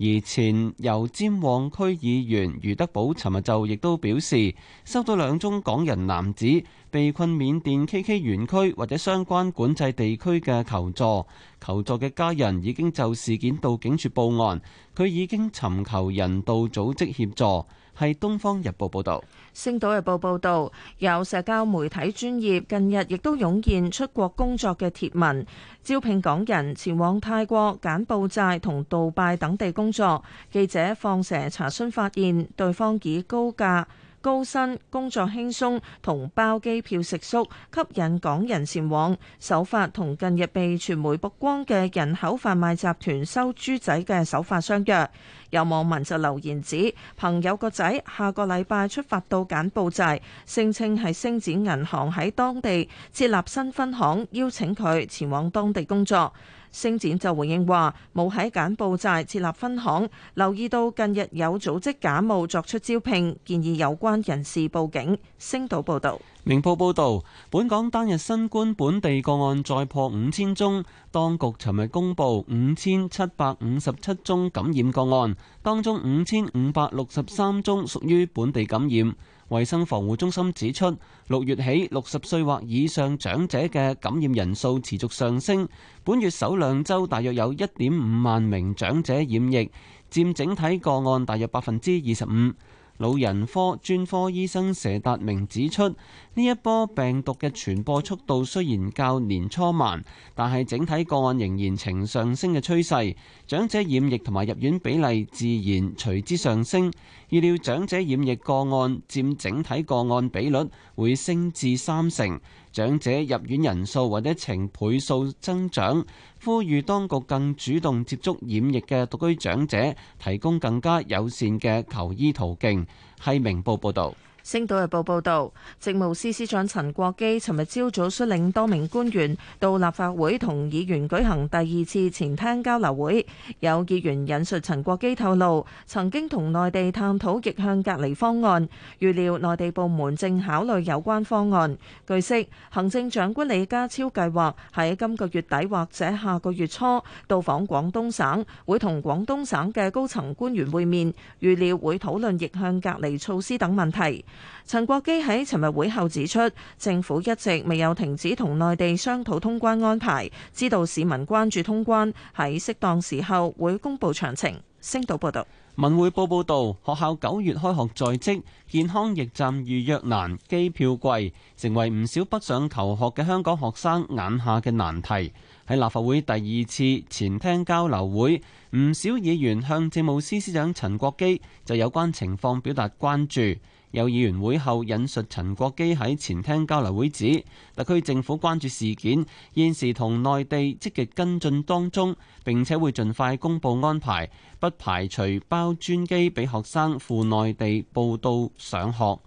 而前油尖旺區議員余德寶尋日就亦都表示，收到兩宗港人男子被困緬甸 KK 園區或者相關管制地區嘅求助，求助嘅家人已經就事件到警署報案，佢已經尋求人道組織協助。係《東方日報》報道，《星島日報》報道，有社交媒體專業近日亦都湧現出國工作嘅貼文，招聘港人前往泰國、柬埔寨同杜拜等地工作。記者放蛇查詢發現，對方以高價。高薪、工作輕鬆同包機票食宿吸引港人前往。手法同近日被傳媒曝光嘅人口販賣集團收豬仔嘅手法相若。有網民就留言指，朋友個仔下個禮拜出發到柬埔寨，聲稱係星展銀行喺當地設立新分行，邀請佢前往當地工作。星展就回應話，冇喺柬埔寨設立分行，留意到近日有組織假冒作出招聘，建議有關人士報警。星島報道，明報報道，本港單日新冠本地個案再破五千宗，當局尋日公布五千七百五十七宗感染個案，當中五千五百六十三宗屬於本地感染。衛生防護中心指出，六月起，六十歲或以上長者嘅感染人數持續上升。本月首兩週，大約有一點五萬名長者染疫，佔整體個案大約百分之二十五。老人科專科醫生佘達明指出，呢一波病毒嘅傳播速度雖然較年初慢，但係整體個案仍然呈上升嘅趨勢，長者染疫同埋入院比例自然隨之上升，預料長者染疫個案佔整體個案比率會升至三成。長者入院人數或者呈倍數增長，呼籲當局更主動接觸染疫嘅獨居長者，提供更加友善嘅求醫途徑。係明報報道。《星島日報》報導，植務司司長陳國基尋日朝早率領多名官員到立法會同議員舉行第二次前廳交流會。有議員引述陳國基透露，曾經同內地探討逆向隔離方案，預料內地部門正考慮有關方案。據悉，行政長官李家超計劃喺今個月底或者下個月初到訪廣東省，會同廣東省嘅高層官員會面，預料會討論逆向隔離措施等問題。陳國基喺尋日會後指出，政府一直未有停止同內地商討通關安排，知道市民關注通關喺適當時候會公布詳情。星島報道，文匯報報道，學校九月開學在即，健康驛站預約難，機票貴，成為唔少北上求學嘅香港學生眼下嘅難題。喺立法會第二次前廳交流會，唔少議員向政務司司長陳國基就有關情況表達關注。有議員會後引述陳國基喺前廳交流會指，特區政府關注事件，現時同內地積極跟進當中，並且會盡快公佈安排，不排除包專機俾學生赴內地報到上學。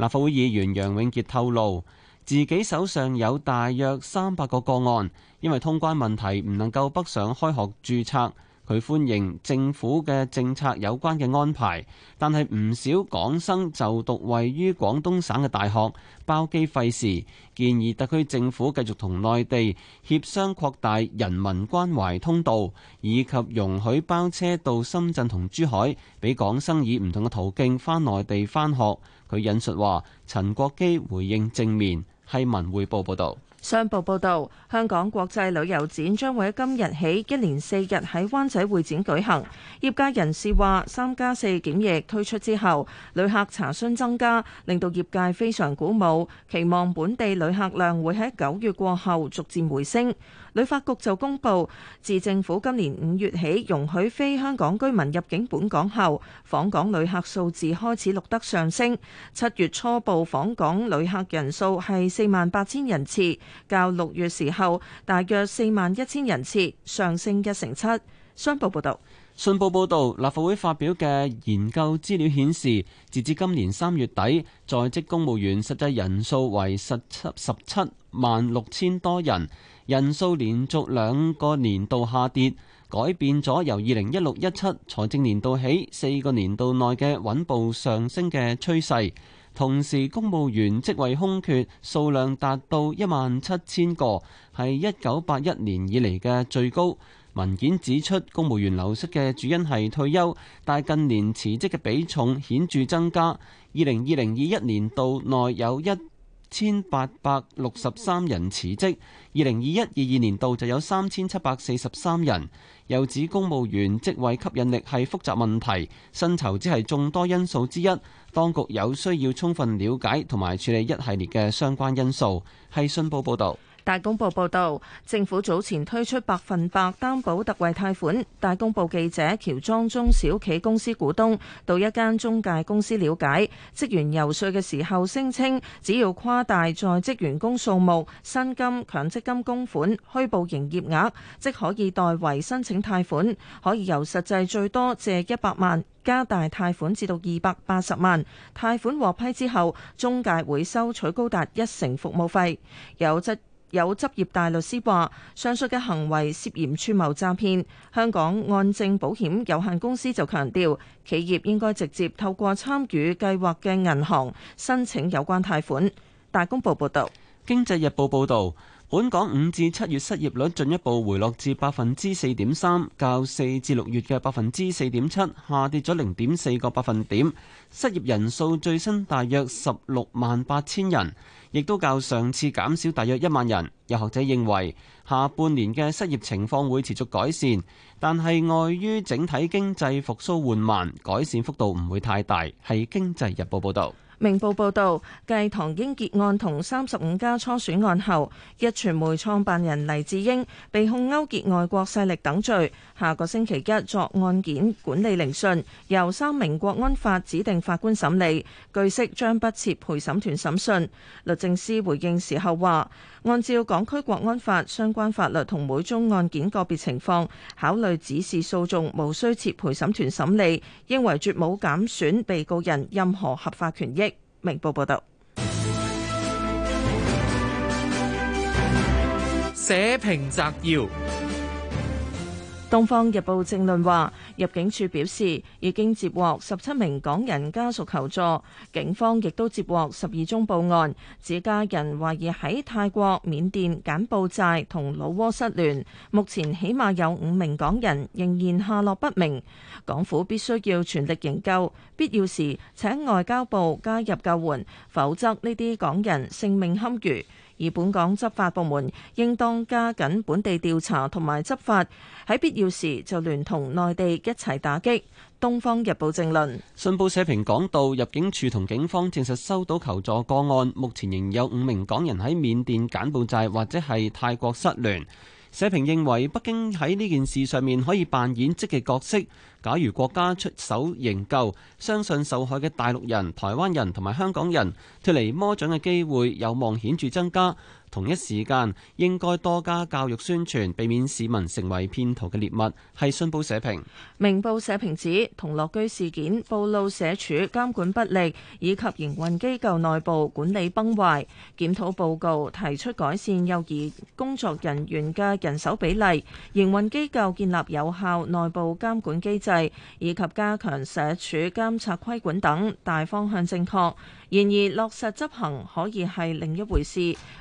立法會議員楊永傑透露，自己手上有大約三百個個案，因為通關問題唔能夠北上開學註冊。佢歡迎政府嘅政策、有關嘅安排，但係唔少港生就讀位於廣東省嘅大學包機費時，建議特區政府繼續同內地協商擴大人民關懷通道，以及容許包車到深圳同珠海，俾港生以唔同嘅途徑返內地返學。佢引述話：陳國基回應正面係文匯報報道。商報報導，香港國際旅遊展將會喺今日起一連四日喺灣仔會展舉行。業界人士話，三加四檢疫推出之後，旅客查詢增加，令到業界非常鼓舞，期望本地旅客量會喺九月過後逐漸回升。旅發局就公布，自政府今年五月起容許非香港居民入境本港後，訪港旅客數字開始錄得上升。七月初步訪港旅客人數係四萬八千人次，較六月時候大約四萬一千人次上升一成七。商報報道，信報報道，立法會發表嘅研究資料顯示，截至今年三月底，在職公務員實際人數為十七十七萬六千多人。人數連續兩個年度下跌，改變咗由二零一六一七財政年度起四個年度內嘅穩步上升嘅趨勢。同時，公務員職位空缺數量達到一萬七千個，係一九八一年以嚟嘅最高。文件指出，公務員流失嘅主因係退休，但近年辭職嘅比重顯著增加。二零二零二一年度內有一千八百六十三人辭職，二零二一、二二年度就有三千七百四十三人。又指公務員職位吸引力係複雜問題，薪酬只係眾多因素之一，當局有需要充分了解同埋處理一系列嘅相關因素。係信報報導。大公報報導，政府早前推出百分百擔保特惠貸款。大公報記者喬裝中小企公司股東，到一間中介公司了解，職員游說嘅時候聲稱，只要誇大在職員工數目、薪金、強積金供款、虛報營業額，即可以代為申請貸款，可以由實際最多借一百萬，加大貸款至到二百八十萬。貸款獲批之後，中介會收取高達一成服務費。有質。有執業大律師話：上述嘅行為涉嫌串謀詐騙。香港安盛保險有限公司就強調，企業應該直接透過參與計劃嘅銀行申請有關貸款。大公報報道，《經濟日報》報道，本港五至七月失業率進一步回落至百分之四點三，較四至六月嘅百分之四點七下跌咗零點四個百分點。失業人數最新大約十六萬八千人。亦都較上次減少大約一萬人，有學者認為下半年嘅失業情況會持續改善，但係礙於整體經濟復甦緩慢，改善幅度唔會太大。係《經濟日報》報導。明報報導，繼唐英傑案同三十五家初選案後，壹傳媒創辦人黎智英被控勾結外國勢力等罪，下個星期一作案件管理聆訊，由三名國安法指定法官審理，據悉將不設陪審團審訊。律政司回應時候話，按照港區國安法相關法律同每宗案件個別情況考慮，指示訴訟無需設陪審團審理，認為絕冇減損被告人任何合法權益。明報報道。社評摘要。《東方日報》政論話，入境處表示已經接獲十七名港人家屬求助，警方亦都接獲十二宗報案，指家人懷疑喺泰國、緬甸、柬埔寨同老撾失聯。目前起碼有五名港人仍然下落不明，港府必須要全力營救，必要時請外交部加入救援，否則呢啲港人性命堪虞。而本港執法部門應當加緊本地調查同埋執法，喺必要時就聯同內地一齊打擊。《東方日報》政論，信報社評講到，入境處同警方證實收到求助個案，目前仍有五名港人喺緬甸、柬埔寨或者係泰國失聯。社評認為，北京喺呢件事上面可以扮演積極角色。假如國家出手營救，相信受害嘅大陸人、台灣人同埋香港人脱離魔掌嘅機會有望顯著增加。同一時間應該多加教育宣傳，避免市民成為騙徒嘅獵物。係信報社評，明報社評指同樂居事件暴露社署監管不力以及營運機構內部管理崩壞，檢討報告提出改善幼兒工作人員嘅人手比例，營運機構建立有效內部監管機制，以及加強社署監察規管等大方向正確，然而落實執行可以係另一回事。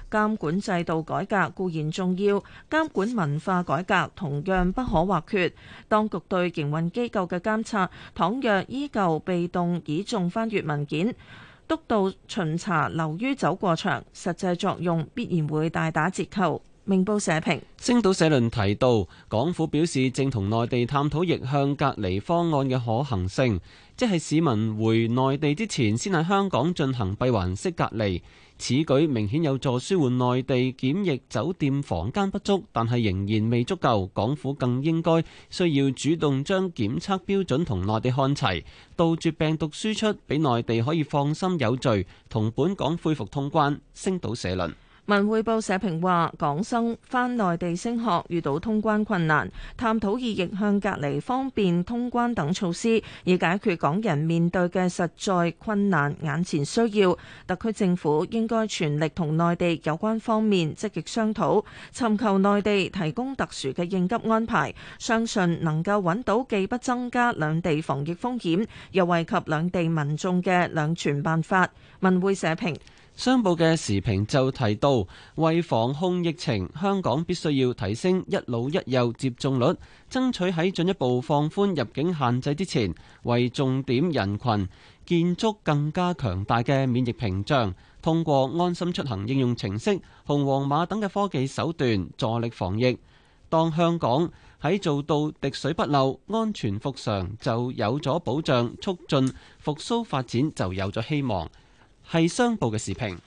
監管制度改革固然重要，監管文化改革同樣不可或缺。當局對營運機構嘅監察，倘若依舊被動倚重翻閲文件、督導巡查流於走過場，實際作用必然會大打折扣。明報社評：星島社論提到，港府表示正同內地探討逆向隔離方案嘅可行性，即係市民回內地之前，先喺香港進行閉環式隔離。此舉明顯有助舒緩內地檢疫酒店房間不足，但係仍然未足夠。港府更應該需要主動將檢測標準同內地看齊，杜絕病毒輸出，俾內地可以放心有序同本港恢復通關。星島社論。文匯報社評話：港生返內地升學遇到通關困難，探討以逆向隔離、方便通關等措施，以解決港人面對嘅實在困難、眼前需要。特區政府應該全力同內地有關方面積極商討，尋求內地提供特殊嘅應急安排，相信能夠揾到既不增加兩地防疫風險，又惠及兩地民眾嘅兩全辦法。文匯社評。商報嘅時評就提到，為防控疫情，香港必須要提升一老一幼接種率，爭取喺進一步放寬入境限制之前，為重點人群建築更加強大嘅免疫屏障。通過安心出行應用程式、紅黃碼等嘅科技手段，助力防疫。當香港喺做到滴水不漏、安全復常，就有咗保障，促進復甦發展就有咗希望。係商報嘅視頻。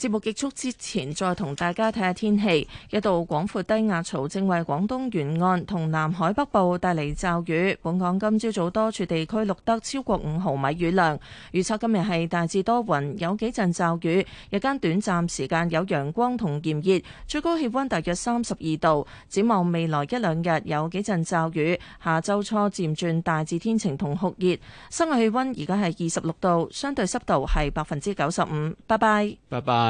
節目結束之前，再同大家睇下天氣。一道廣闊低壓槽正為廣東沿岸同南海北部帶嚟驟雨。本港今朝早早多處地區錄得超過五毫米雨量。預測今日係大致多雲，有幾陣驟雨。日間短暫時間有陽光同炎熱，最高氣温大約三十二度。展望未來一兩日有幾陣驟雨，下周初漸轉大致天晴同酷熱。室外氣温而家係二十六度，相對濕度係百分之九十五。拜拜。拜拜。